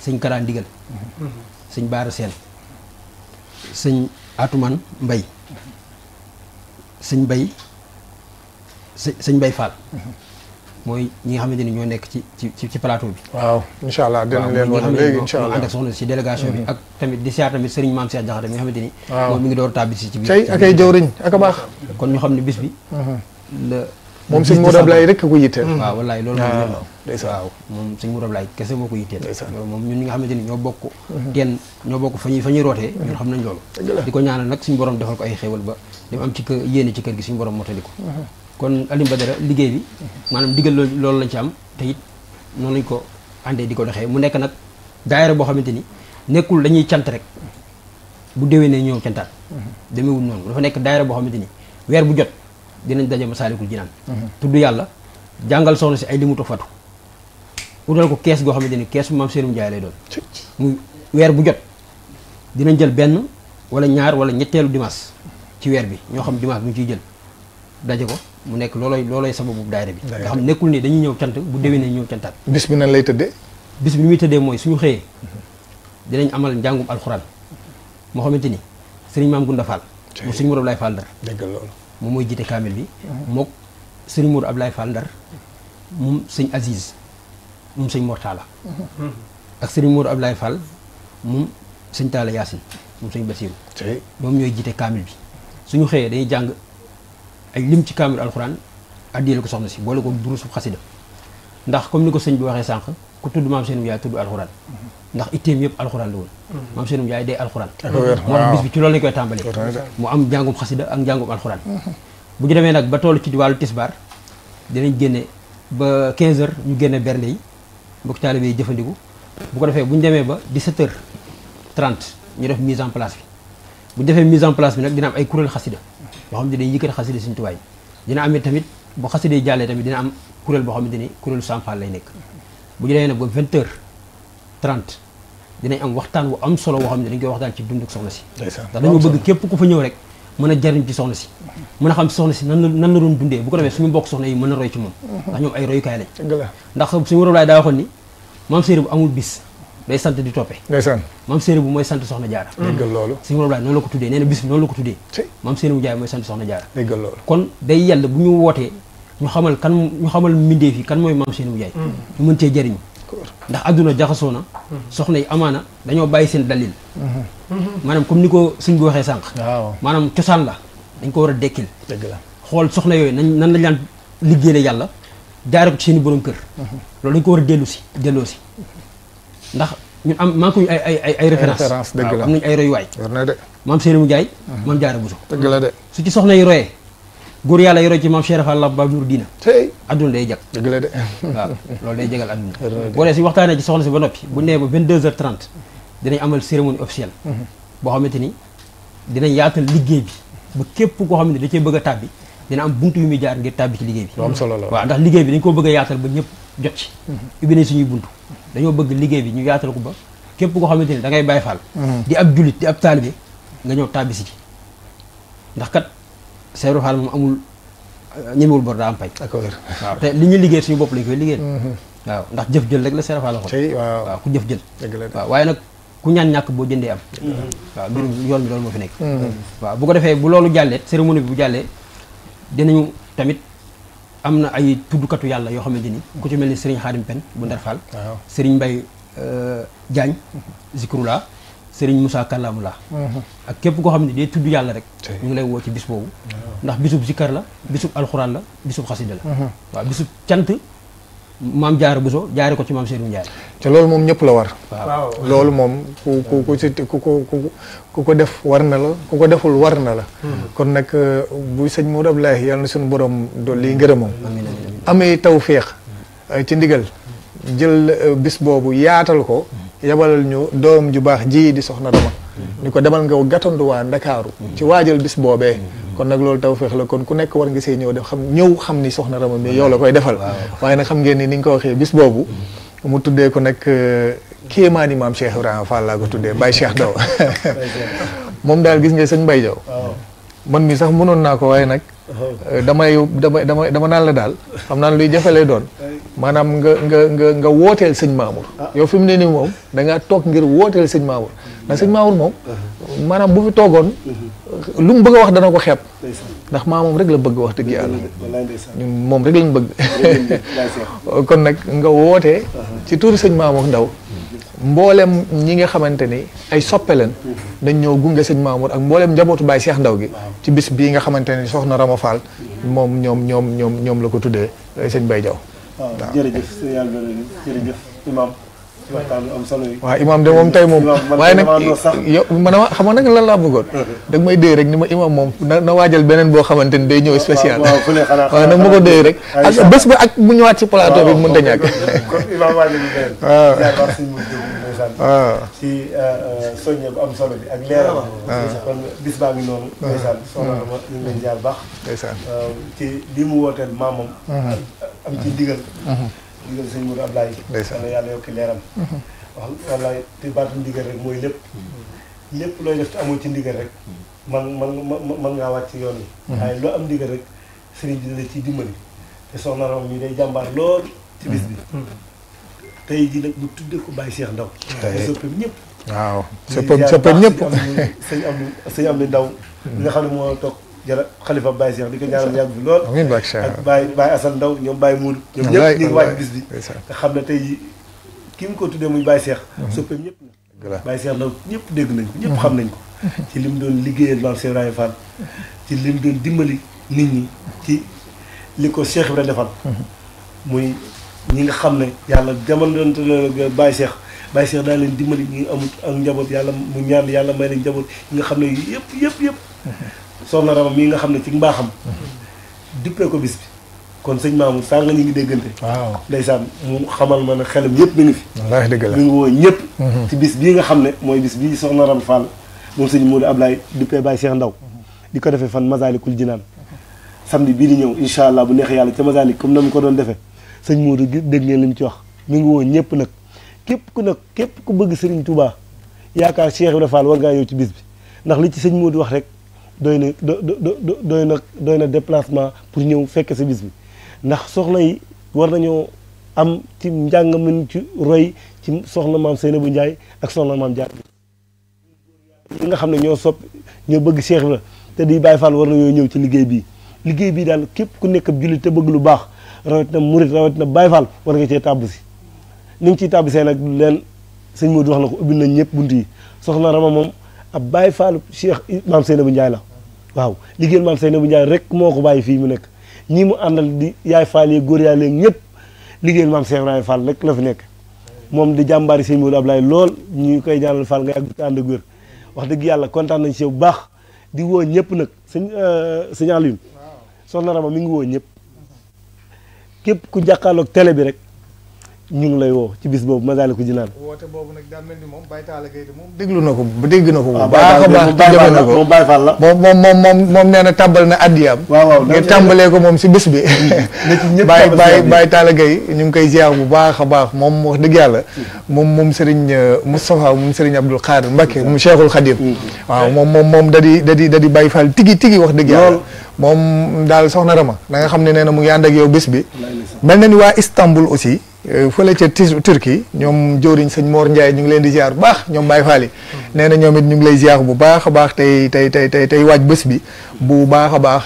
sëñ karaa ndigal sëñ baara seen sëñ atuman mbay sëñ bay sëñ bay faal mooy ñi nga xamante ni ñoo nekk ci ci ci plateau bi. waaw incha allah dinañ leen wane léegi bi. Mhm. ak tamit di siyaar tamit Serigne Mame Cheikh Diakhaté ni. waaw ngi door tàbbi si ci biir. tey kon ñu xam ne bis bi. Mhm. la moom sëñ Mourad rek a ko yitteel. Mm. waaw wallaay loolu mooy kese moo moom ñun ñi nga xamante ni ñoo bokk. Mhm. kenn bokk fa ñuy fa ñuy rootee. ñun xam nañ ko ñaanal nag suñu borom defal ko ay ba dem am ci kër yéene ci kër gi suñu borom motali ko kon Alioune liggéey bi maanaam diggal loolu lañ ci am te noonu lañ ko àndee di ko doxee mu nekk nag daayira boo xamante ni nekkul dañuy cant rek bu ne ñëw cantaat demeewul noonu dafa nekk daayira boo xamante ni weer bu jot dinañ daje Masaalikul Jinaan tudd yàlla jàngal soxna si ay li mu toog fatu ko kees goo xamante ni kees maam Seenum Njaay lay doon muy weer bu jot dinañ jël benn wala ñaar wala ñetteelu dimanche ci weer bi ñoo xam dimanche bu ñu ciy jël daje ko mu nekk loolooy loolooy sababu daayira bi nga xam nekkul ni dañuy ñëw cant bu déwénee ñëw cantaat bis bi nan lay tëddee bis bi ni muy tëddee mooy suñu xëyee dinañ amal njàngum alxuraan moo xamante ni sëriñ maam Gunda Fall mu sëriñ Mour Ablaye Fall Ndar dëgg loolu moom mooy jiite kaamil bi mook sëriñ Mour Ablaye Fall Ndar moom sëñ Aziz moom sëñ Mor Talla ak sëriñ Mour Ablaye Fall moom sëñ Yaasin moom sëñ Basiru moom ñooy jiite kaamil bi suñu xëyee dañuy jàng ay lim ci kaamil alxuraan addiyal ko soxna si boole ko durusu xasida ndax comme ni ko sëñ bi waxee sànq ku tudd maam seenum yaay tudd alxuraan ndax itteem yëpp alxuraan la woon mm-hmm. maam seenum yaay day alxuraan moo tax bis bi ci loolu lañ koy tàmbalee mu am njàngum xasida ak njàngum alxuraan mm-hmm. bu ñu demee nag ba toll ci wàllu tisbaar dinañ génne ba quinze heures ñu génne bernde yi mbokk taalibe yi jëfandiku bu ko defee bu ñu demee ba 17 heures 30 ñu def mise en place bi bu ñu defee mise en place bi nag dina am ay kuréel xasida boo xam ne day yëkkati xasida Sëriñ Tuubaa yi dina am tamit bu xasida yi jàllee tamit dina am kuréel boo xamante ni kuréelu Samfal lay nekk bu ñu demee nag ba 20 heures 30 dinañ am waxtaan wu am solo woo xam ne dañ koy waxtaan ci dunduk soxna si ndax dañoo bëgg képp ku fa ñëw rek mën a jariñ ci soxna si mën a xam soxna si nan na nan la doon dundee bu ko defee suñu mbokk soxna yi mën na roy ci moom ndax ñoom ay royukaay lañ ndax suñu waralaay daa waxoon ni maam séeri bu amul bis day sant di toppe ndeysaan maam séeréer bu mooy sant soxna jaara déggal loolu suñu moom laaj noonu la ko tuddee nee na bis bi noonu la ko tuddee maam séeréer bu jaay mooy sant soxna jaara déggal loolu kon la dañ ko war a dekkil la xool soxna yooyu nañ nan lañ daan liggéeyal yàlla jaare ko ci seen i borom kër hmm. loolu dañ ko war a dellu si delloo si ndax ñu am manqué ñu ay ay ay ay référence dëgg la am nañu ay royuwaay war na de maam Seydou Ndiaye maam su ci soxna yi royee góor yàlla yi roy ci maam Cheikh Fall Baab Nuur diina adduna day jag dëgg la de waaw loolu day jagal adduna boo dee si waxtaanee ci soxna si ba noppi bu nee ba 22 heures 30 dinañ amal cérémonie officielle boo xamante ni dinañ yaatal liggéey bi ba képp koo xamante da cee bëgg a bi dina am buntu yu muy jaar ngir tàbbi ci liggéey bi. am solo waaw ndax liggéey bi dañ koo bëgg a yaatal ba ñëpp jot ci. Mm-hmm. ubbi nañ suñuy bunt dañoo bëgg liggéey bi ñu yaatal ko ba képp koo xamante ne da ngay bàyyi faal. Mm-hmm. di ab jullit di ab taalibe nga ñëw tàbbi si ci ndax kat seeru xaal moom amul euh, ñemewul bor daa am pay. d'accord waaw te li ñu liggéey suñu bopp lañ koy liggéey. Mm-hmm. waaw ndax jëf jël rek la seeru xaal waxoon. waaw ku jëf jël. waaw waaye nag ku ñan ñàkk boo jëndee am. waaw mbirum yoon bi moo fi nekk. waaw bu ko defee bu loolu jàllee cérémonie bi bu jàllee dinañu tamit am na ay tuddukatu yàlla yoo xamante ni ku ci mel ni Serigne Khadim Pen bu Ndar Fall Serigne Mbaye euh, Diagne Zikrula Serigne Moussa Kalamula mhm. ak képp koo xam ne day tudd yàlla rek ñu ngi lay woo ci bis boobu ndax bisub zikkar la bisub alxuraan la bisub xasida la mhm. waaw bisub cant maam jaara Buso jaare ko ci maam Seydou Ndiaye. te loolu moom ñëpp la war. waaw loolu moom ku ku ku ci ku ko ku ko def war na la ku ko deful war na la. Mm-hmm. kon nag euh, bu sëñ Modou Abdoulaye yàlla na suñu borom dolli ngërëmam. amee tawféex euh, ci ndigal. jël euh, bis boobu yaatal ko. Mm-hmm. yabalal ñu doom ju baax ji di soxna dama. Mm-hmm. ni ko demal nga gàttandu waa Ndakaaru. ci waajal bis boobee. kon nag loolu taw tawfeex la kon ku nekk war nga see ñëw def xam ñëw xam ni soxna Rama mi yow la koy defal waaye nag xam ngeen ni ni nga ko waxee bis boobu mu tuddee ko nag euh, kéemaani maam Cheikh Ibrahima Fall laa ko tuddee Baye Cheikh Daw moom daal gis nga sëñ Mbaye Diaw man mi sax mënoon naa ko waaye nag euh, damay dama dama dama naan la daal xam naa luy jafalee doon maanaam nga nga nga nga wooteel sëñ Mamour ah. yow fi mu ne nii moom da ngaa toog ngir wooteel sëñ Mamour ndax sëñ Mamour moom maanaam bu fi toogoon lu mu bëgg a wax dana ko xeeb ndax maa moom rek la bëgg wax dëgg yàlla ñun moom rek lañ bëgg kon nag nga wootee ci turu sëñ Mamour ndaw mboolem ñi nga xamante ni ay soppe leen dañ ñëw gunge sëñ Mamour ak mbooleem njabootu Baye Cheikh ndaw gi ci bis bii nga xamante ni soxna Rama Fall moom ñoom ñoom ñoom ñoom la ko tuddee sëñ Baye Diaw waaw imaam de moom tay moom waaye nag yow man a xamoon nag lan laa bëggoon da may dee rek ni ma imaam moom na waajal beneen boo xamante ni day ñëw spécial waaw nag ma ko dee rek ak bés ba ak mu ñëwaat ci plateau bi mënut a ñàkk waaw waaw ci euh, euh, soññe solo bi ak leeral kon bis baa ngi noonu ndeysaan soxna ma ñu ngi leen jaar baax ndeysaan euh, ci li mu wooteel maamam am ci ndigal ndigal sëñ Mourou Ablaye wala yàlla yokki leeram mhm. wax wallaay te baatu ndigal rek mooy lépp mhm. lépp looy def te amoo ci ndigal rek mhm. man man man ngaa wàcc yoon yi waaye loo am ndigal rek sëriñ bi dina ci dimbali te soxna Ram mi day jàmbaar lool ci bis bi tey jii nag mu ko Baye Cheikh Ndaw sëppam ñëpp waaw sëppam sëppam ñëpp sëñ am sëñ am ni ndaw nga xam ne moo toog jërë xalifa Baye Cheikh di ko ñaanal yàgg fi lool ak Baye Baye Assane Ndaw ñoom Baye Moudou ñoom ñëpp ñu ngi waaj gis bi te xam ne tey ki mu ko tuddee muy Baye Cheikh mhm. soppeem ñëpp na ñëpp dégg nañ ko xam nañ ko ci li mu doon liggéeyal maam Cheikh Ibrahima Fall ci li dimbali nit ñi ci li ko Cheikh Ibrahima defal mhm. muy ñi nga xam ne yàlla jamono doon Baye Cheikh Baye seex daa leen dimbali ñu amut ak njaboot yàlla mu ñaan yàlla may leen njaboot ñi nga xam ne yëpp yëpp yëpp mhm. soxna Rama mii nga xam ne ci mbaaxam. duppee ko bis bi. kon sëñ Mamour saa nga ñu ngi déggante. waaw ndeysaan mu xamal ma ne xelam yëpp mi ngi fi. dëgg la mi woo ñëpp. Mhm. ci bis bii nga xam ne mooy bis bii soxna Rama Fall moom sëñ Modou Ablaye duppee Baye Cheikh Ndaw di ko defee fan Masalikul Jinaan samedi bii di ñëw incha allah bu neexee yàlla ca Masalik comme na mu ko doon defee sëñ Modou dégg ngeen li mu ci wax mi ngi woo ñëpp nag képp ku nag képp ku bëgg Serigne tubaa yaakaar Cheikh Ibrahima Fall war ngaa yow ci bis bi ndax li ci sëñ Modou wax rek doy na doy na doy na déplacement pour ñëw fekk si bis bi ndax soxna yi war nañoo am ci njàng mën ci roy ci soxna maam bu Ndiaye ak soxna maam Diarra ñi nga xam ne ñoo soppi ñoo bëgg Cheikh la te di Baye Fall war ñëw ci liggéey bi liggéey bii daal képp ku nekk ab jullit te bëgg lu baax rawet na murit rawet na Baye Fall war nga cee tàbb si ni nga ciy tàbb nag leen sëñ Modou wax na ko ubbi nañ ñëpp bunt yi soxna Rama moom ab Baye Fall Cheikh maam bu Ndiaye la waaw liggéeyal maam bu Ndiaye rek moo ko bàyyi fii mu nekk ñi mu àndal di yaay faal yi góor yàlla ñëpp liggéeyal maam Cheikh Ibrahima Fall rek la fi nekk moom di jàmbaari sëñ Modou Ablaye lool ñu koy ñaanal Fall nga yàgg ànd ak wér wax dëgg yàlla kontaan nañ si bu baax di woo ñëpp nag sëñ euh, sëñ Alioune soxna Rama mi ngi woo ñëpp képp ku jàkkaarloog télé bi rek ñu ngi lay woo ci bis boobu Masaalikul Jinaan. woote boobu nag daa mel ni moom Baye Talla Gueye moom déglu na ko dégg na ko. waaw ah, baax a baax jëme na ko moom Baye Fall la moom moom moom moom nee na tàmbal na addiyaam. waaw waaw ngir tàmbalee ko moom si bis bi. nit Baye Baye Baye Talla Gueye ñu ngi koy ziar bu baax a baax moom wax dëgg yàlla. Mm. moom moom Serigne euh, Moustapha moom Serigne Abdoul Khadr Mbacké mu mm. Cheikhul Khadim. Mm. waaw moom moom moom da di da di da di Baye tigi tigi wax dëgg yàlla. moom daal soxna Rama. da nga xam ne nee na mu ngi ànd ak yow bis bi. mel na ni waa Istanbul aussi Euh, fële ca Turquie ñoom jëwriñ sëñ moor Ndiaye ñu ngi leen di ziar bu baax ñoom Baye Fall yi mm-hmm. nee na ñoom it ñu ngi lay ziar bu baax a baax tey tey tey waaj bés bi bu baax a baax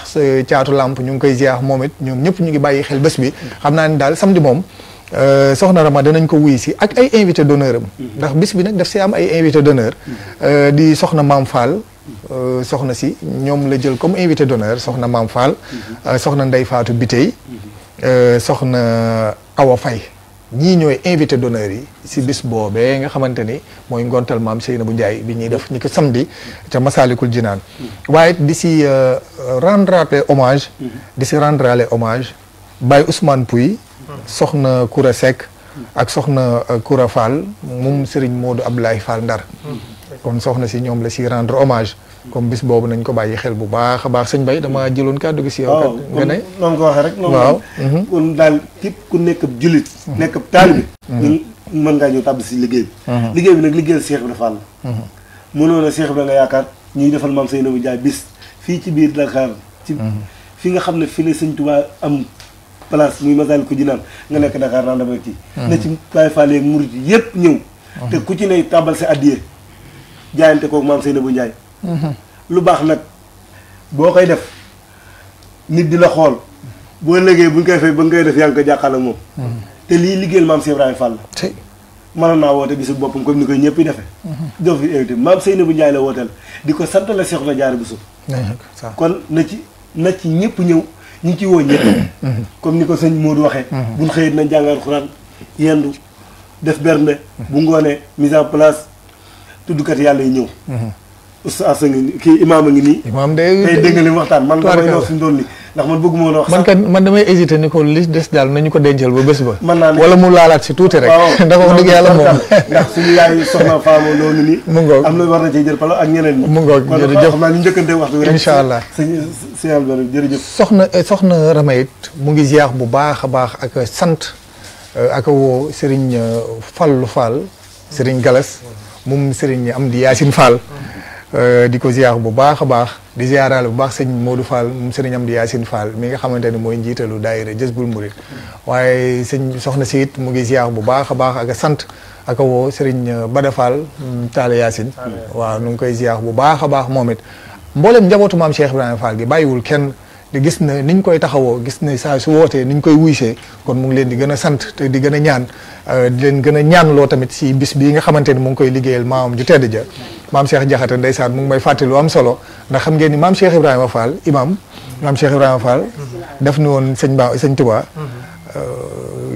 caatu làmp ñu ngi koy ziar moom it ñoom ñëpp ñu ngi bàyyi xel bés bi mm-hmm. xam naa ni daal samedi moom euh, soxna Rama danañ ko wuy si ak ay invité d'honneur am mm-hmm. ndax bis bi nag daf si am ay invité d'honneur euh, di soxna Maam Fall soxna si ñoom la jël comme invité d'honneur soxna Maam Fall soxna Ndey Faatu Bitey soxna Awa fay ñii ñooy invité d'honneur yi si bis boobee nga xamante ni mooy ngontal maam bu Ndiaye bi ñuy def ñu ko samedi ca Masaalikul Jinaan waaye di si euh, rendre hommage mm-hmm. di si rendre hommage Baye Ousmane Pouy soxna Koura Seck ak soxna Koura euh, Fall moom Serigne Modou Abdoulaye Fall Ndar mm-hmm. kon soxna si ñoom la si rendre hommage comme bis boobu nañ ko bàyyi xel bu baax a baax sëñ Baye dama jëloon kàddu gi si yow. kat nga ne noonu ko waxee rek. waaw mhm. kon daal képp ku nekk ab jullit. Mhm. nekk ab taalibe. Mhm. ñun mën ngaa ñëw tàbbi si liggéey bi. liggéey bi nag liggéeyal Cheikh Ibra Fall. mënoon a Cheikh Ibra nga yaakaar ñuy defal maam Seynabou Ndiaye bis fii ci biir Dakar. ci fi nga xam ne fi la sëñ Tuubaa am place muy masal ko jinaan nga nekk Dakar naan damay kii. na ci Baye Fall yeeg murit yëpp ñëw. te ku ci ne tàbbal sa addiya jaayante koog maam Seynabou Ndiaye lu baax nag boo koy def nit di la xool boo liggéey bu ñu koy fay ba nga koy def yaa ngi ko jàkkaarloo moom. te lii liggéeyal maam Cheikh Ibrahima Fall la. mënoon naa woote bisu boppam comme ni koy ñëpp defee. doo fi invité maam Seynabou Ndiaye la wooteel di ko sant la Cheikh na jaar bisu. kon na ci na ci ñëpp ñëw ñu ngi ciy woo comme ni ko sëñ Modou waxee. buñ xëyee dinañ jàngal xuraan yendu def bernde. bu ngoonee mise en place tuddkat yàlla yi ñëw. oustaz ngi kii imaam a ngi nii. imaam day eh, day dégg li waxtaan man damay noo suñu doon li ndax man bëgguma woon wax. man kan man damay hésité oh, ni ko li des ba bés ba. wala mu laalaat si tuuti rek. ndax wax dëgg yàlla moom. ndax suñu yaay soxna Faama noonu nii. mu ngoog am na war na cee jël palo ak ñeneen ñi. mu ngoog jërëjëf xam naa ñu njëkkante waxtu rek. incha allah Albert jërëjëf. soxna eh, soxna Ramayit mu ngi ziar bu baax a baax ak sant eh, ak woo Serigne Fallou Fall Serigne Galas moom Serigne Amdi Yacine Fall Euh, di ko ziar bu baax a baax di ziaraale bu baax sëñ Modou Fall moom sëriñ Amdi Yacine Fall mi nga xamante ne mooy njiitalu daayira Jazbul Murid waaye sëñ soxna siit mu ngi ziar bu baax a baax ak sant ak a woo sëriñ euh, Bada Fall mm, Taale Yacine waaw nu ngi koy ziar bu baax a baax moom it mboolem njabootu maam Cheikh Ibrahima Fall gi bàyyiwul kenn te gis na niñ koy taxawoo gis na saa su wootee ñu koy wuysee kon mu ngi leen di gën a sant te di gën a ñaan euh, di leen gën a ñaanloo tamit si bis bii nga xamante ni mu ngi koy liggéeyal maamam ju tedd ja maam Cheikh Diakhaté ndeysaan mu ngi may fàttali lu am solo xam ngeen ni maam Cheikh Ibrahima Fall imam maam Cheikh Ibrahima Fall def na woon sëñ Ba sëñ euh,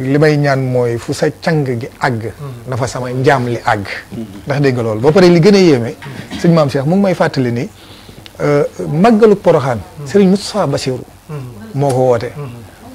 li may ñaan mooy fu sa càng gi àgg na fa sama njaam li àgg ndax dégg lool loolu ba pare li gën a yéeme sëñ maam Cheikh mu ngi may fàttali ni Euh, màggalu Poroxaan. Serigne Moustapha Bassirou. moo ko woote.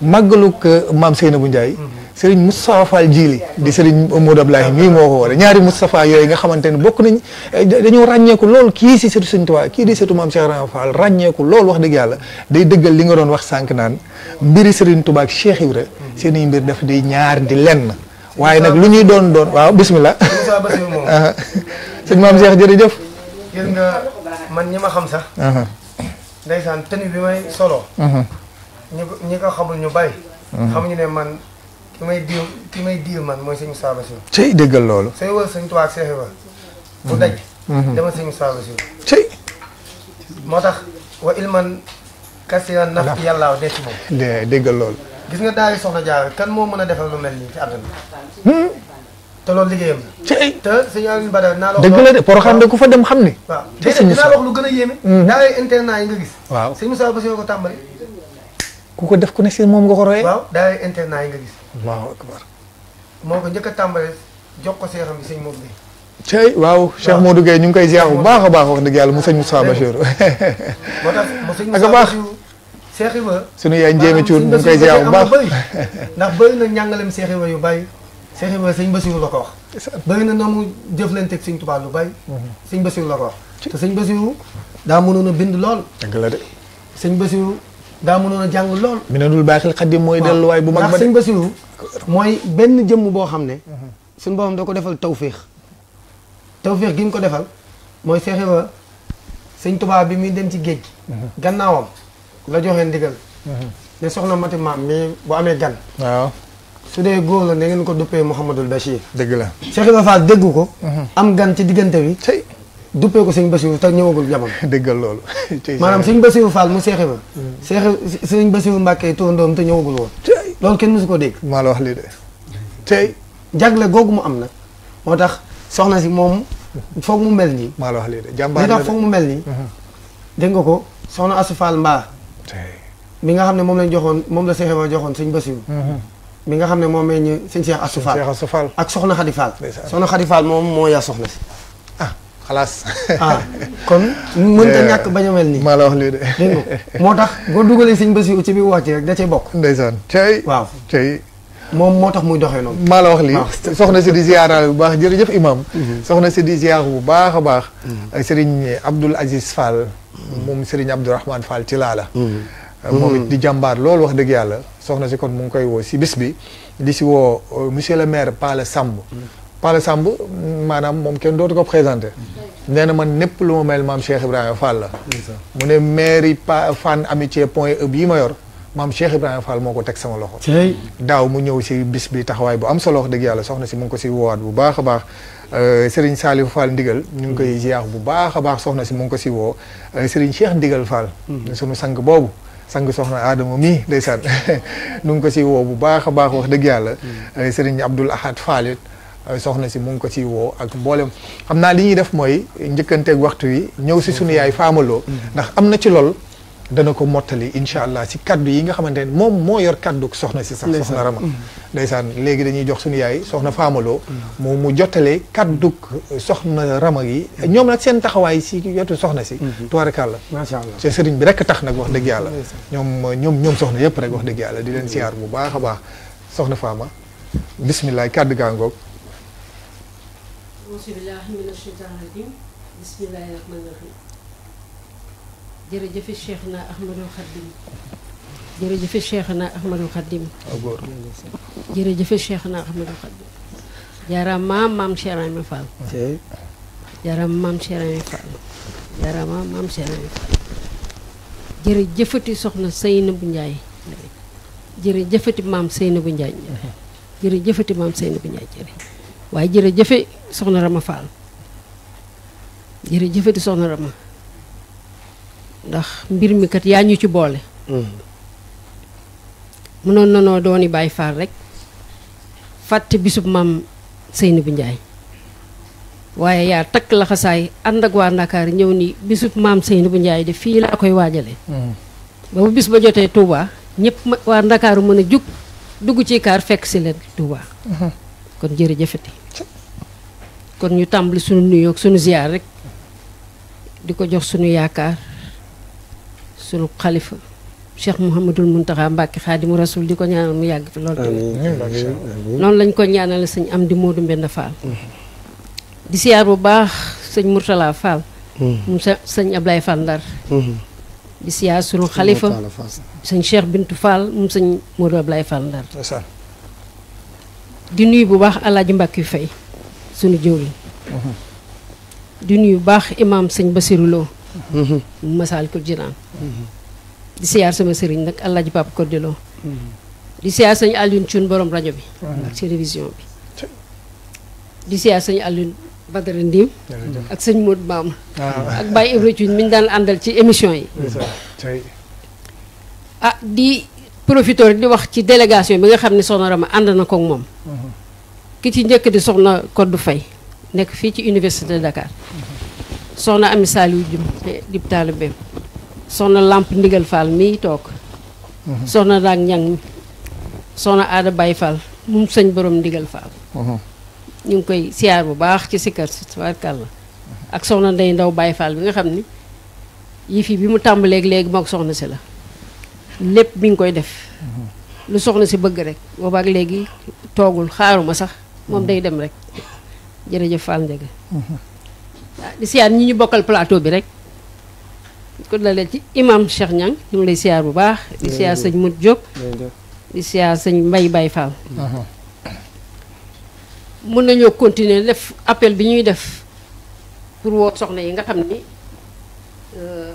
màggaluk maam Seynabou Ndiaye. Serigne Moustapha Fall Djili di Serigne Modou Ablaye mii moo ko woote ñaari Moustapha yooyu nga xamante ne bokk nañ eh, dañoo ràññeeku lool kii si setu Serigne Touba kii di setu maam Cheikh Ibrahima ràññeeku lool wax dëgg yàlla day dëggal li nga doon wax sànq naan mbiri Serigne Touba ak Cheikh Ibra seen i mbir daf di ñaar di lenn. waaye nag lu ñuy doon doon waaw bismillah. sëñ maam Cheikh jërëjëf. gis nga man ñi ma xam sax. ndeysaan tenue bi may solo. ñi ko xamul ñu bari. ñu ne man ki may diw ki may diw man mooy sëñ saaba Bassirou. cey déggal loolu. say wër sëñ Tuubaa ak Seex dama sëñ Moustapha Bassirou. moo tax wa man kasiran naf yàlla wa des moom. déggal loolu. gis nga daal di soxna jaar kan moo mën a defal lu mel nii ci àdduna. Hmm? te loolu liggéeyam la. tey te sëñ Alioune Badara naa la wax. ku fa dem xam ne. waaw déedéet dinaa la wax a yéeme. daaway mm-hmm. internat yi nga gis. waaw sëñ Moussa Bassirou ko tàmbali. ku ko def ku ne si moom nga ko royee. waaw yi nga gis. allahu akbar. moo ko njëkk a jox ko seexam bi sëñ Modou Gueye. waaw Cheikh Modou Gueye ñu ngi koy ziar bu baax a baax wax dëgg yàlla mu sëñ Moussa Bassirou. moo tax mu sëñ Moussa Bassirou. Cheikh Ibrahima sunu yaay njéeme Thioune mu ngi koy ziar bu baax ndax bëri na njàngalem Cheikh Ibrahima yu bàyyi Cheikh Ibrahima sëñ Basiru la ko wax. bëri na noomu jëflanteeg sëñ Tuubaa lu bay. Mm-hmm. sëñ Basiru la ko wax. te sëñ Basiru daa mënoon a bind lool. dëgg la de. sëñ Basiru daa mënoon a jàng lool. mi ne dul baaxil xaddim mooy delluwaay bu mag ba de. ndax sëñ mooy benn jëmm boo xam ne. Mm-hmm. suñu boppam da ko defal tawféex. tawféex gi ñu ko defal mooy Cheikh Ibrahima sëñ tubaab bi muy dem ci géej gi. Mm-hmm. gannaawam la joxe ndigal. ne soxna Mati Maam mi bu amee gan. su dee góor la na ngeen ko duppee Mouhamadul Bachir. dëgg la Cheikh Ibrahima Fall dégg ko. Mhm. am gan ci diggante bi. duppee ko sëñ Basiru te ñëwagul jamono. dëggal loolu. maanaam sëñ Basiru Fall mu seexe ba. seexe sëñ Basiru Mbàkke turandoom te ñëwagul woon. loolu kenn mësu ko dégg. maa la wax lii de tey. googu mu am nag moo tax soxna si moom foog mu mel nii. maa wax lii de foog mu mel nii. Mhm. dégg nga ko soxna Asu mi nga xam ne moom lañ joxoon moom la seexe ba joxoon sëñ Basiru. Mhm. mi nga xam ne moom meññ sëñ Cheikh Assou Fall ak soxna Khady Fall soxna Khady Fall moom moo yaa soxna si ah xalaas ah kon mënta eh, ñàkk bañ nii maa la wax lii moo tax boo dugalee sëñ Bassirou ci biir wax ji rek cay bokk ndeysaan tey tey moom moo tax muy doxee noonu maa la wax lii soxna si di ziyaaraale bu baax jëf imam mhm. soxna si di ziyaar bu baax a baax mhm. Serigne Abdoul Aziz Fall mhm. moom Serigne Abdourahmane Fall ci laa la Euh, moom hmm. di jàmbaar loolu wax dëgg yàlla soxna si kon mu ngi koy woo si bis bi di si woo euh, monsieur le maire Pala Samb hmm. Pala Samb maanaam moom kenn dootu ko présenté hmm. nee na man népp lu ma mel maam Cheikh Ibrahima Fall la mu ne mairie pa Fann Amitié point ëb e yi ma yor maam Cheikh Ibrahima Fall moo ko teg sama loxo daaw mu ñëw si bis bi taxawaay bu am solo wax dëgg yàlla soxna si mu ngi ko si woowaat bu baax a baax euh, Serigne Salif Fall Ndigal ñu ngi koy ziar bu baax a baax soxna si mu ngi ko si woo Serigne Cheikh Ndigal Fall sunu sang sang soxna Adama mii ndeysaan nu ngi ko si woo bu baax a baax wax dëgg yàlla mm. sëriñ Abdoul Ahad Fall soxna si mu ko ci woo ak mboolem xam naa li ñuy def mooy njëkkanteek waxtu yi ñëw si suñu mm-hmm. yaay faamaloo mm-hmm. ndax am na ci lool dana ko mottali incha allah si kàddu yi nga xamante ne moom moo yor kaddu soxna si sax soxna Rama mm-hmm. saan léegi dañuy jox suñu yaay soxna faamaloo mm-hmm. mu mu jottalee kaddu uh, soxna Rama yi mm-hmm. ñoom nag seen taxawaay si yotu soxna si tubaarkàlla macha allah te sëriñ bi rek tax nag wax dëgg yàlla ñoom ñoom ñoom soxna yëpp rek wax dëgg yàlla di leen siyaar bu baax a baax soxna faama bisimilah kaddu gaa ngoog jërëjëf Cheikh na Ahmadou Khadim jërëjëf Cheikh na Ahmadou Khadim jërëjëf Cheikh na Ahmadou Khadim jaarama maam Cheikh Rami Fall jaarama maam Cheikh Rami Fall jaarama maam Cheikh Rami Fall jërëjëfati soxna Seynabou Ndiaye jërëjëfati maam Seynabou Ndiaye jërëjëfati maam Seynabou Ndiaye jërë waaye jërëjëfe soxna Rama Fall jërëjëfati soxna Rama ndax mbir mi kat yaa ñu ci boole. Mm. mënoon na noo dooni Baay Faal rek fàtte bisub maam Seynabou Ndiaye waaye yaa takk laxasaay ànd ak waa Ndakaar ñëw ni bisub maam Seynabou Ndiaye de fii laa koy waajale mm. ba bu bis ba jotee tuuba ñëpp waa Ndakaaru mën a jug dugg ci kaar fekk si leen Touba. Mm-hmm. kon jërëjëfati kon ñu tàmbali sunu nuyoo ak sunu ziar rek di ko jox sunu yaakaar. sul xalifa cheikh mouhamadul muntaxa mbàkke xaadimu rasul di ko ñaanal mu yàgg fi loolu noonu lañ ko ñaanale sëñ am di moodu mbend fall di siyaar bu baax sëñ murtala fall hmm. mu sëñ ablaye fall ndar hmm. di siyaar sunu xalifa sëñ cheikh bintu fall mu sëñ moodu ablaye fall ndar di nuyu bu baax alaaji mbàkk yu fay sunu jëwriñ hmm. di nuyu bu baax imam sëñ basiru Mm-hmm. Masaalikul Jinaan mm-hmm. di siyaar sama sëriñ nag Alaaji Papa Cordelo mm-hmm. di siyaar sañ Alioune Thioune borom rajo bi ak télévision bi di siyaar sañ Alioune sëñ Modou Maam ah. ak Baye Ibra Thioune mi ñu daan àndal ci émission yi ah di profité di wax ci délégation bi nga xam ne soxna Rama ànd na ko moom ki ci njëkk di soxna Codou Faye nekk fii ci université de Dakar soxna Ami Saliou Dioum eh, di taalibeem soxna làmp Ndigal Fall mii toog. Mhm. soxna Raak Ñang mi soxna Aada Baye Fall moom sëñ borom Ndigal Fall. Mhm. ñu ngi koy siyaar bu baax ci sikar si tabaarkàlla ak soxna Ndey Ndaw Baye Fall bi nga xam ni yi bi mu tàmbaleeg léegi moog soxna si la lépp bi ngi koy def. Mhm. lu soxna si bëgg rek boobaak léegi toogul xaaruma sax moom day dem rek jërëjëf Fall Ndiaga. di siyaar ñi ñu bokkal plateau bi rek ko la ci imam Cheikh Niang ñu ngi lay siyaar bu baax di siyaar sëñ Modou Diop di siyaar mbay Mbaye Baye Fall mën nañoo continuer def appel bi ñuy def pour woo soxna yi nga xam ni euh,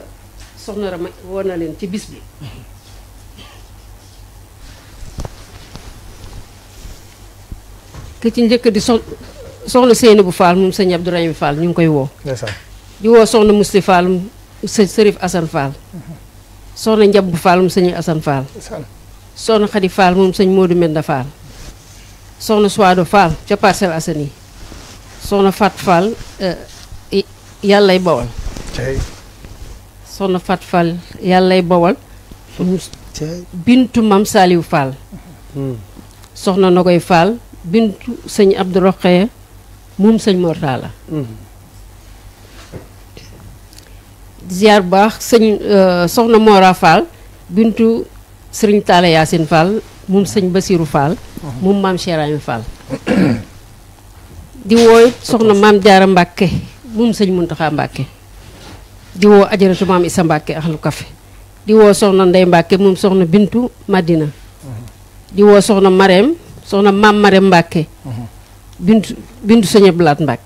soxna Rama woo na leen ci bis bi ki ci njëkk di so soxna Seynabou Fall moom sëñ Abdourahim Fall ñu ngi koy woo. di woo soxna Mousli Fall së Sërif Assane Fall. soxna sëñ Assane Fall. soxna Khady Fall moom sëñ Modou Menda Fall. soxna Suwaado Fall ca Parcelles Assainies soxna Fat Fall eh, yàllay bawal. soxna Fat Fall yàllay bawal. bintu Mam Saliou Fall. Hmm. soxna Nogoy Fall bintu sëñ Abdou moom sëñ Mortalla ziar bu baax sëñ euh, soxna Mora Fall bintu sëriñ Talla Yacine Fall moom sëñ Basirou Fall moom maam Chérayim Fall di woo soxna maam Jaara Mbàkke moom sëñ Muntaxa Mbàkke di woo ajaratu maam Isa Mbàkke axlu kafe di woo soxna Ndey Mbàkke moom soxna bintu Madina di woo soxna Marème soxna maam Marème Mbàkke bintu bintu sëñ Abdou Lahad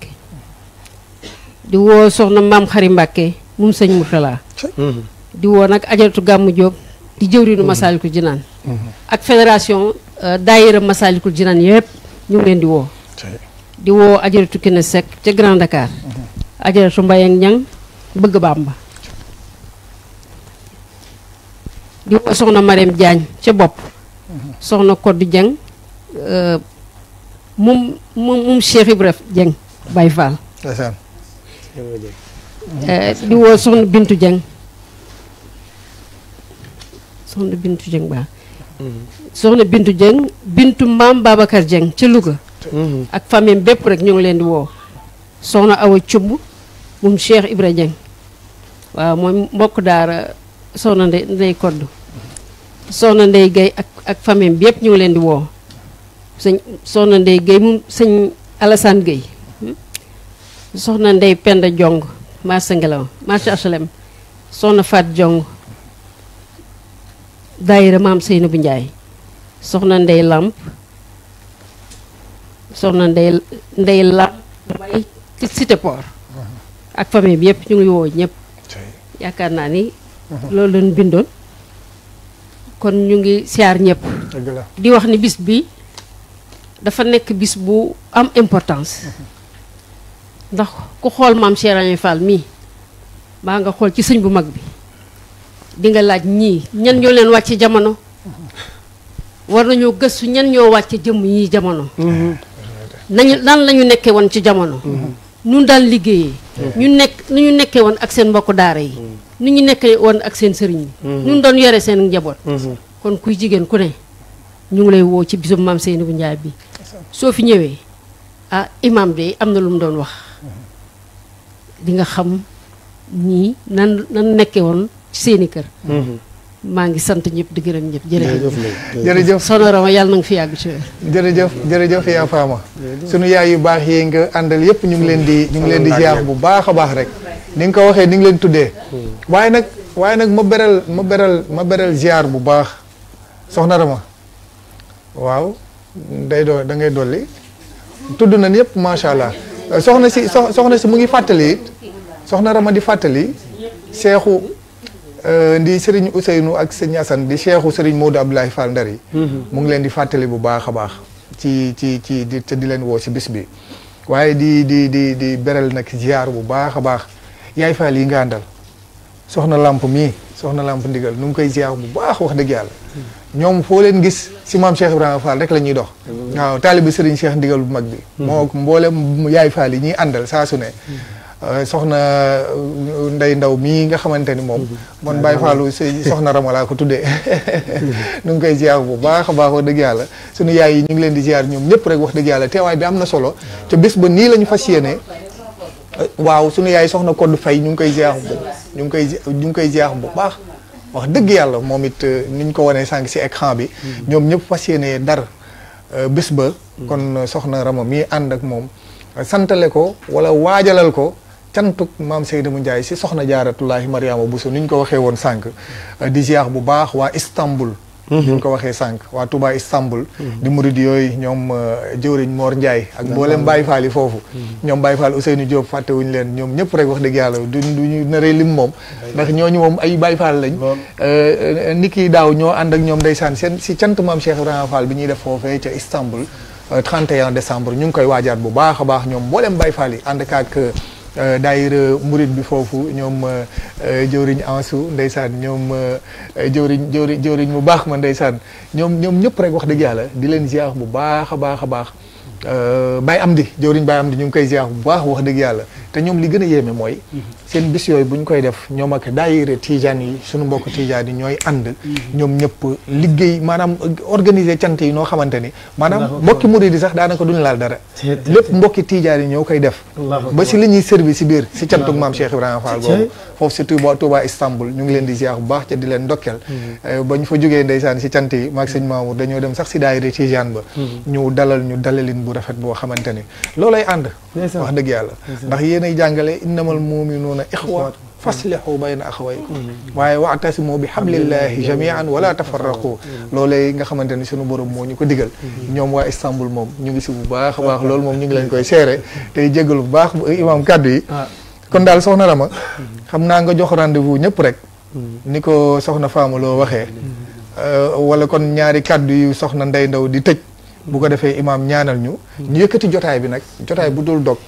di woo soxna maam xari Mbacke moom sëñ Mourtala mm-hmm. di woo nag ajaratu gàmmu Diop di jëwriñu mm-hmm. Masaalikul Jinaan mm-hmm. ak fédération euh, daayira Masaalikul Jinaan yépp ñu leen di woo di woo ajaratu Kine Seck ca Grand Dakar ajaratu Mbaye ak Ñang bëgg Bàmba di woo soxna Marème Diagne ca bopp soxna Koddu Dieng euh, moom moom moom Cheikh Ibrahima Dieng Baye Fall. Eh, di woo soxna Bintu Dieng soxna Bintu Dieng soxna Bintu Dieng Bintu maam Babacar Dieng ca Louga. Mhm. ak famille bépp rek ñu ngi leen di woo. soxna Awa Thioub moom Cheikh Ibrahima Dieng waaw mooy mbokk daara soxna Ndey Ndey Kodd soxna Ndey Gay ak ak famille yëpp ñu leen di woo. sëñ soxna Ndeye Guèye mu sëñ Alassane hmm? soxna Ndeye Penda Jong sa Ngelaw marché HLM soxna Fat Jong daayira maam Seynabou Ndiaye soxna Ndeye Lamp soxna ndey Ndeye Lamp may ci Cité Port hmm. ak famille bi yëpp ñu ngi woo ñëpp yaakaar naa ni hmm. loolu lañ bindoon kon ñu ngi siyaar ñëpp di wax ni bis bi dafa nekk bis bu am importance ndax ku xool maam Cheikh Ibra mii baa nga xool ci sëñ bu mag bi di nga laaj ñii ñan ñoo leen wàcc jamono war nañoo gëstu ñan ñoo wàcc jëmm yi jamono nañu lan la ñu nekkee woon ci jamono nun daan liggéeyee ñu nekk nu ñu nekkee woon ak seen mbokk daara yi nu ñu nekkee woon ak seen sëriñ bi nun doon yore seen njaboot mhm. kon kuy jigéen ku ne ñu ngi lay woo ci bisum maam Seynabou Ndiaye bi soo fi ñëwee ah imaam de am na lu mu doon wax di nga xam ñii nan nan nekke woon ci seeni kër mhm. maa ngi sant ñépp di gërëm ñëpp jërëjëf jërëjëf soxna Rama na nga fi yàgg ci wér jërëjëf jërëjëf yaa faama sunu yaay yu baax yee nga àndal yëpp ñu ngi leen di ñu ngi leen di ziar bu baax a baax rek ni nga ko waxee ni nga leen tuddee hmm. waaye nag waaye nag ma beral ma beral ma beral ziar bu baax soxna Rama waaw day doo da ngay dolli tudd nañ yëpp macha allah euh, soxna si soxna si mu ngi fàttali it soxna Rama di fàttali seexu ndi euh, Serigne Ousseynou ak Serigne Assane di seexu Serigne Modou Abdoulaye Fall Ndar yi mm-hmm. mu ngi leen di fàttali bu baax a baax ci ci ci di di leen woo si bis bi waaye di di di di beral nag ziar bu baax a baax yaay Fall yi ngàndal soxna làmp mii soxna làmp ndigal nu ngi koy ziar bu baax wax dëgg yàlla mm-hmm. ñoom foo leen gis si maam Cheikh Ibrahima Fall rek la ñuy dox. waaw taalibi Serigne Cheikh ndigal bu mag bi. moo hmm. mboolem yaay Fall yi ñuy àndal saa su ne. Hmm. Euh, soxna euh, Ndey Ndaw mii nga xamante ni moom. man hmm. Baye Fallou soxna Rama laa ko tuddee. nu ngi koy ziar bu baax a baax wax dëgg yàlla sunu yaay yi ñu ngi leen di ziar ñoom ñëpp rek wax dëgg yàlla teewaay bi am na solo. te bés ba nii lañu fas yéene. Euh, waaw sunu yaay soxna Codé fay ñu ngi koy ziar ñu ngi koy ñu ngi koy ziar bu baax. wax dëgg yàlla moom it euh, ni ñu ko wanee sànq si écran bi. Hmm. ñoom ñëpp fas yenee dar euh, bés ba. Hmm. kon euh, soxna Rama mii ànd ak moom. santale ko wala waajalal ko cantuk maam Seydou Ndiaye si soxna jaaratullahi Mariama Bousso ni ñu ko waxee woon sànq. Hmm. di bu baax waa Istanbul. ni ñu ko waxee sànq waa Touba Istanbul mm-hmm. di murid yooyu ñoom euh, jëwriñ moor Ndiaye ak mboolem Baye faal yi foofu mm-hmm. ñoom Baye Fall Ousseynou Diop fàttewuñu leen ñoom ñëpp rek wax dëgg yàlla du duñu naree lim moom ndax ñooñu moom ay Baye Fall lañ euh, euh, ni kii daaw ñoo ànd ak ñoom ndeysaan seen si cant maam Cheikh Ibrahima Fall bi ñuy def foofee ca Istanbul 31 décembre ñu ngi koy waajaat bu baax a baax ñoom mboolem Baye Fall yi ànd ak Euh, daayira murit bi foofu ñoom euh, euh, jëwriñ Ansu ndeysaan ñoom jëwriñ jëwriñ jëwriñ mu baax ma ndeysaan ñoom ñoom ñëpp rek wax dëgg yàlla di leen ziar bu baax a baax a baax Baye Amdi jëwriñ Baye Amdi ñu ngi koy ziar bu baax wax dëgg yàlla te ñoom li gën a yéeme mooy. Mhm. seen bis yooyu bu ñu koy def ñoom ak daayira tijaan yi suñu mbokk tijaan yi ñooy ànd. Mhm. ñoom ñëpp liggéey maanaam organiser cant yi noo xamante ni. maanaam mbokki murid yi sax daanaka duñu laal dara. lépp mbokki tijaan yi ñoo koy def. ba si li ñuy service si biir si cantug maam Cheikh Ibrahima Fall boobu. foofu si Touba Touba Istanbul ñu ngi leen di ziar bu baax ca di leen ndokkel. Mhm. Eh, ba ñu fa jógee ndeysaan si cant yi maag sëñ Mamour dañoo dem sax si daayira tijaan ba. ñu dalal ñu dalalin bu rafet boo xamante ni loolay ànd wax deug yalla ndax yéen jangale innamal mu'minuna ikhwa faslihu bayna axawaykum wa waatasimu bi xablillahi jamian la tafarraqu loolee nga xamanteni sunu borom mo ñuko diggal ñom wa Istanbul mom. ñu ngi ci bu baax baax loolu mom ñu ngi lañ koy séré tay jégalu bu baax imam kaddu yi kon dal soxna Rama xam naa nga jox rendez-vous ñep rek niko soxna lo wala kon ñaari kaddu yu soxna Ndey Ndaw di tejj bu ko defee imaam ñaanal ñu. ñu yëkkati jotaay bi nag jotaay bu dul dog.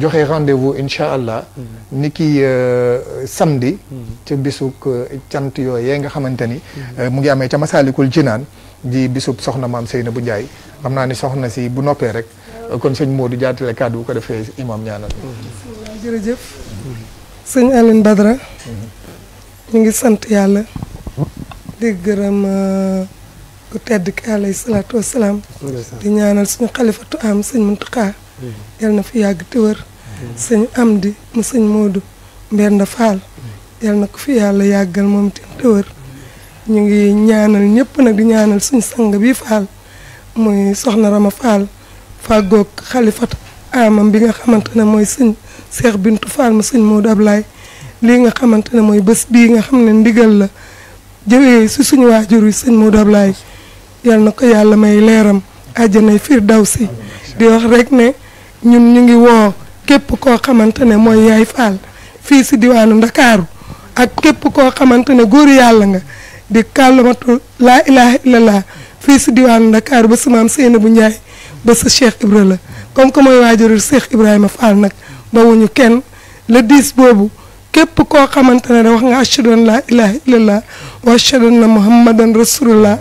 joxe rendez-vous incha allah. Mm-hmm. ni ki euh, samedi. Mm-hmm. ca bisuk euh, cant yee nga xamante ni. Mm-hmm. Euh, mu ngi amee ca Masaalikul Jinaan di bisub soxna maam Seyna bu Njaay xam naa ni soxna si bu noppee rek. kon sëñ Modou jaatale kàddu bu ko defee imaam ñaanal. jërëjëf. sëñ Aline Badara. ñu ngi sant yàlla. di gërëm. ku tedd ki alayhi salaatu wasalaam di ñaanal suñu xalifatu am sëñ Muntaxa mm. yal na fi yàgg te wër mm. sëñ Amdi mu sëñ Moodu Mbenda Faal mm. yal na ko fi yàlla yàggal moom itam te ñu ngi ñaanal ñëpp nag di ñaanal suñ sang bi Faal muy soxna Rama Faal fàggoog xalifatu amam bi nga xamante ne mooy sëñ Seex Bintu Faal mu sëñ Moodu Ablaay lii nga xamante ne mooy bés bii nga xam ne ndigal la jëwee si suñu waajur yi sëñ Moodu Ablaay yal na ko yàlla may leeram àjjanay firdawsi di wax rek ne ñun ñu ngi woo képp koo xamante ne mooy yaay faal fii si diwaanu ndakaaru ak képp koo xamante ne góor yàlla nga di kàllamatu laa ilaha illallah fii si diwaanu ndakaaru ba si maam bu Ndiaye ba sa Cheikh la comme que Ibrahima Fall nag ba wuñu kenn le diis boobu képp koo xamante ne da wax nga ashhadu an laa ilaha illallah wa ashhadu anna muhammadan rasulullah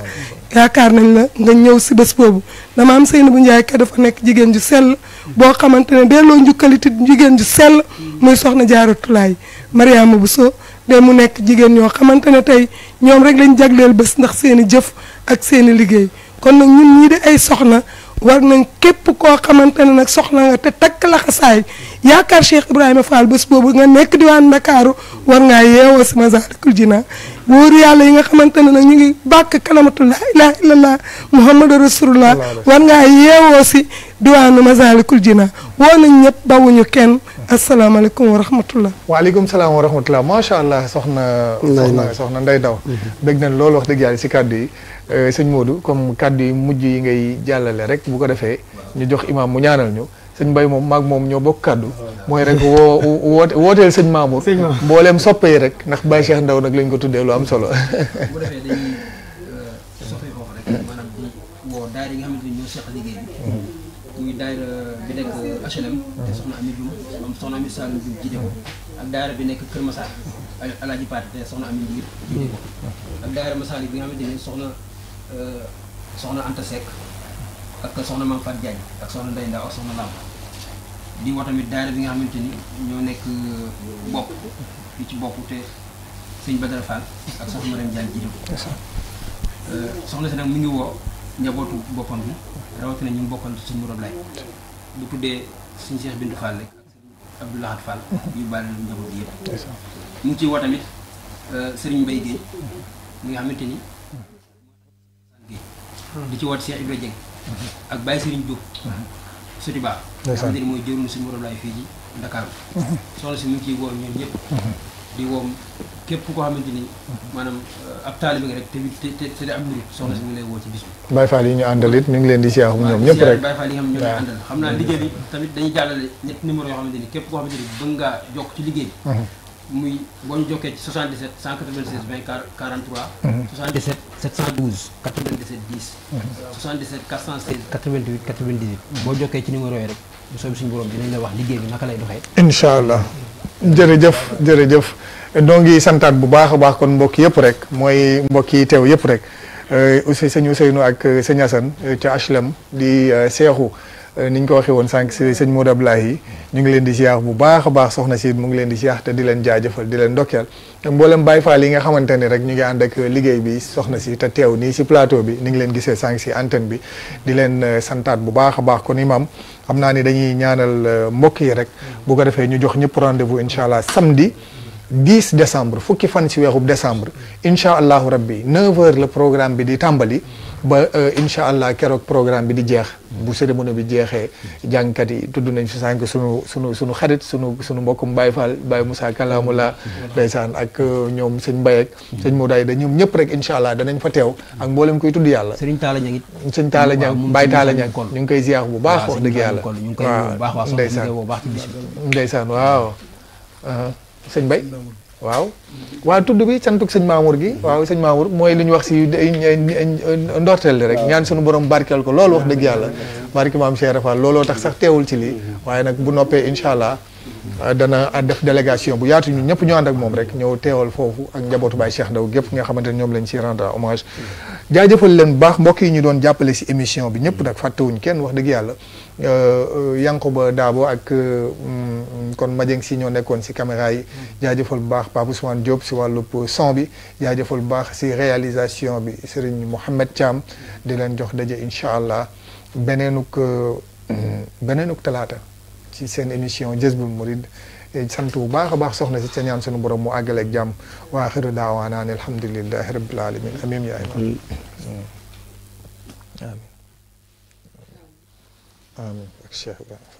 yaakaar nañ la nga ñëw si bés boobu dama am Seynabou Ndiaye ka dafa nekk jigéen ju sell boo xamante ne delloo njukkaliti jigéen ju sell muy soxna tulaay jaaratulaay Mariama so de mu nekk jigéen ñoo xamante ne tey ñoom rek lañ jagleel bés ndax seen i jëf ak seeni liggéey kon nag ñun ñii di ay soxna war nañ képp koo xamante ne nag soxla nga te takk laxasaay yaakaar Cheikh Ibrahima Fall bés boobu nga nekk diwaan Ndakaaru war ngaa yeewoo si Masaalikul Jinaan wóoru yàlla yi nga xamante ne nag ñu ngi bàkk kalamatu laa ilaaha illallah muhammadu rasulullah war ngaa yeewoo si diwaanu Masaalikul Jinaan woo nañ ñëpp bawuñu kenn asalaamaaleykum wa rahmatulah. waaleykum salaam allah soxna. soxna nday Ndeye Ndaw. dégg mhm. nañ loolu wax dëgg yàlla si kàddu yi eh, sëñ Modou comme kàddu yi mujj yi ngay jàllale rek bu ko defee ñu jox imaam mu ñaanal ñu. sëñ Mbaye moom maag moom ñoo bokk kàddu mooy rek woo woote wooteel sëñ Mamour. sëñ Mamour mbooleem soppee rek ndax Baye Cheikh Ndaw nag lañ ko tuddee lu am solo. soxna Ami Sall bi jiite bi nekk Kër Massar alaaji Paate te soxna Ami Ngir jiite bi nga xamante ne soxna euh, soxna Anta Seck soxna Mame Fatou Diagne ak soxna Ndeye Ndaw ak soxna tamit daara bi nga xamante ni ñoo nekk euh, bopp ci bopp te sëñ Badara Fall ak soxna Mariam euh, si nag mu ngi woo njabootu boppam bi rawatina ñu ngi bokkoon suñu moroom lay bu tuddee suñu Cheikh Bintou Fall rek Abdou Lahad Fall yu bàyyi leen njaboot yëpp ñu ngi ciy woo tamit euh, Serigne Mbaye mu mi nga xamante ni di ci woote Cheikh Ibrahima Dieng ak Baye Serigne Diouf soti baax nga xamante ni mooy jëwriñu suñu moroom laay fii ci Ndakaaru mhm. soxna si ñu ngi ciy woo ñun ñëpp mhm. di woom képp ko xamante ni maanaam ab taalibe nga rek te te te am murit si mu ngi woo ci bis bi Baye yi ñu àndal ñu ngi leen di siyaaxum ñoom ñëpp rek Baye Fall yi nga xam ne ñoom ñu àndal xam naa liggéey bi tamit dañuy jàllale ñett numéro yoo xamante ni képp koo xamante ni bëgg ngaa jokk ci liggéey bi mhm. muy mhm. mhm. boo jokkee ci 77 196 20 43 77 712 97 10 77 416 88 98 boo jokkee ci numéro yi rek bu soobee suñu borom dinañ la wax liggéey bi naka lay doxee incha allah jërëjëf jërëjëf doo ngi santaat bu baax a baax kon mbokk yëpp rek mooy mbokk yi teew yëpp rek euh, aussi euh, sëñ Ousseynou euh, ak sëñ ca HLM di seexu ni ñu ko waxee woon sànq si sëñ Modou yi ñu ngi leen di ziar bu baax a baax soxna si mu ngi leen di ziar te di leen jaajëfal di leen ndokkeel mboolem Baye Fall yi nga xamante ni rek ñu ngi ànd ak liggéey bi soxna si te teew nii si plateau bi ni ngi leen gisee sànq si antenne bi di leen santaat bu baax a baax kon imam xam naa ni dañuy ñaanal euh, mbokk yi rek bu ko defee ñu jox ñëpp rendez-vous incha allah samedi 10 décembre fukki fan si weexub décembre incha allahu rabbi 9 heures le programme bi di tàmbali ba incha allah keroog programme bi di jeex bu cérémonie bi jeexee jàngkat yi tudd nañ fi sànq sunu sunu sunu xarit sunu sunu mbokkum Baye Fall Baye Moussa Kalaamu la ndeysaan ak ñoom sëñ Mbaye ak sëñ Moudaay da ñoom ñëpp rek incha allah danañ fa teew ak mboolem koy tudd yàlla sëñ Taala Ñang sëñ Taala Ñang Baye Taala Ñang ñu ngi koy ziar bu baax wax dëgg yàlla waaw ndeysaan ndeysaan waaw sëñ Mbaye waaw waaw tudd bi santuk sëñ Mamour gi waaw sëñ Mamour mooy li ñu wax si ndorteel li rek ñaan suñu borom barkeel ko loolu wax dëgg yàlla barke maam Cheikh Rafal looloo tax sax teewul ci lii waaye nag bu noppee incha allah Euh, dana def délégation bu yaatu ñun ñëpp ñu ànd ak moom rek ñëw teewal foofu ak njabootu Baye Cheikh Ndaw gépp nga xamante ne ñoom lañ ci rendre hommage jaajëfal leen baax mbokk yi ñu doon jàppale si émission bi ñëpp nag fàttewuñ kenn wax dëgg yàlla euh, euh, Yankoba Daabo ak kon Madieng si ñoo nekkoon si caméra yi jaajëfal bu baax Pape Ousmane Diop ci wàllub son bi jaajëfal bu baax si réalisation bi Serigne Mohamed Thiam di leen jox daje incha allah beneenuk beneenuk talaata ci seen émission Jazboul Mouride sant bu baax a baax soxna si ca ñaan sunu borom mu àggale ak jàmm wa axiru daawaana an alhamdulillahi rabbil alamin amin ya amin amin amin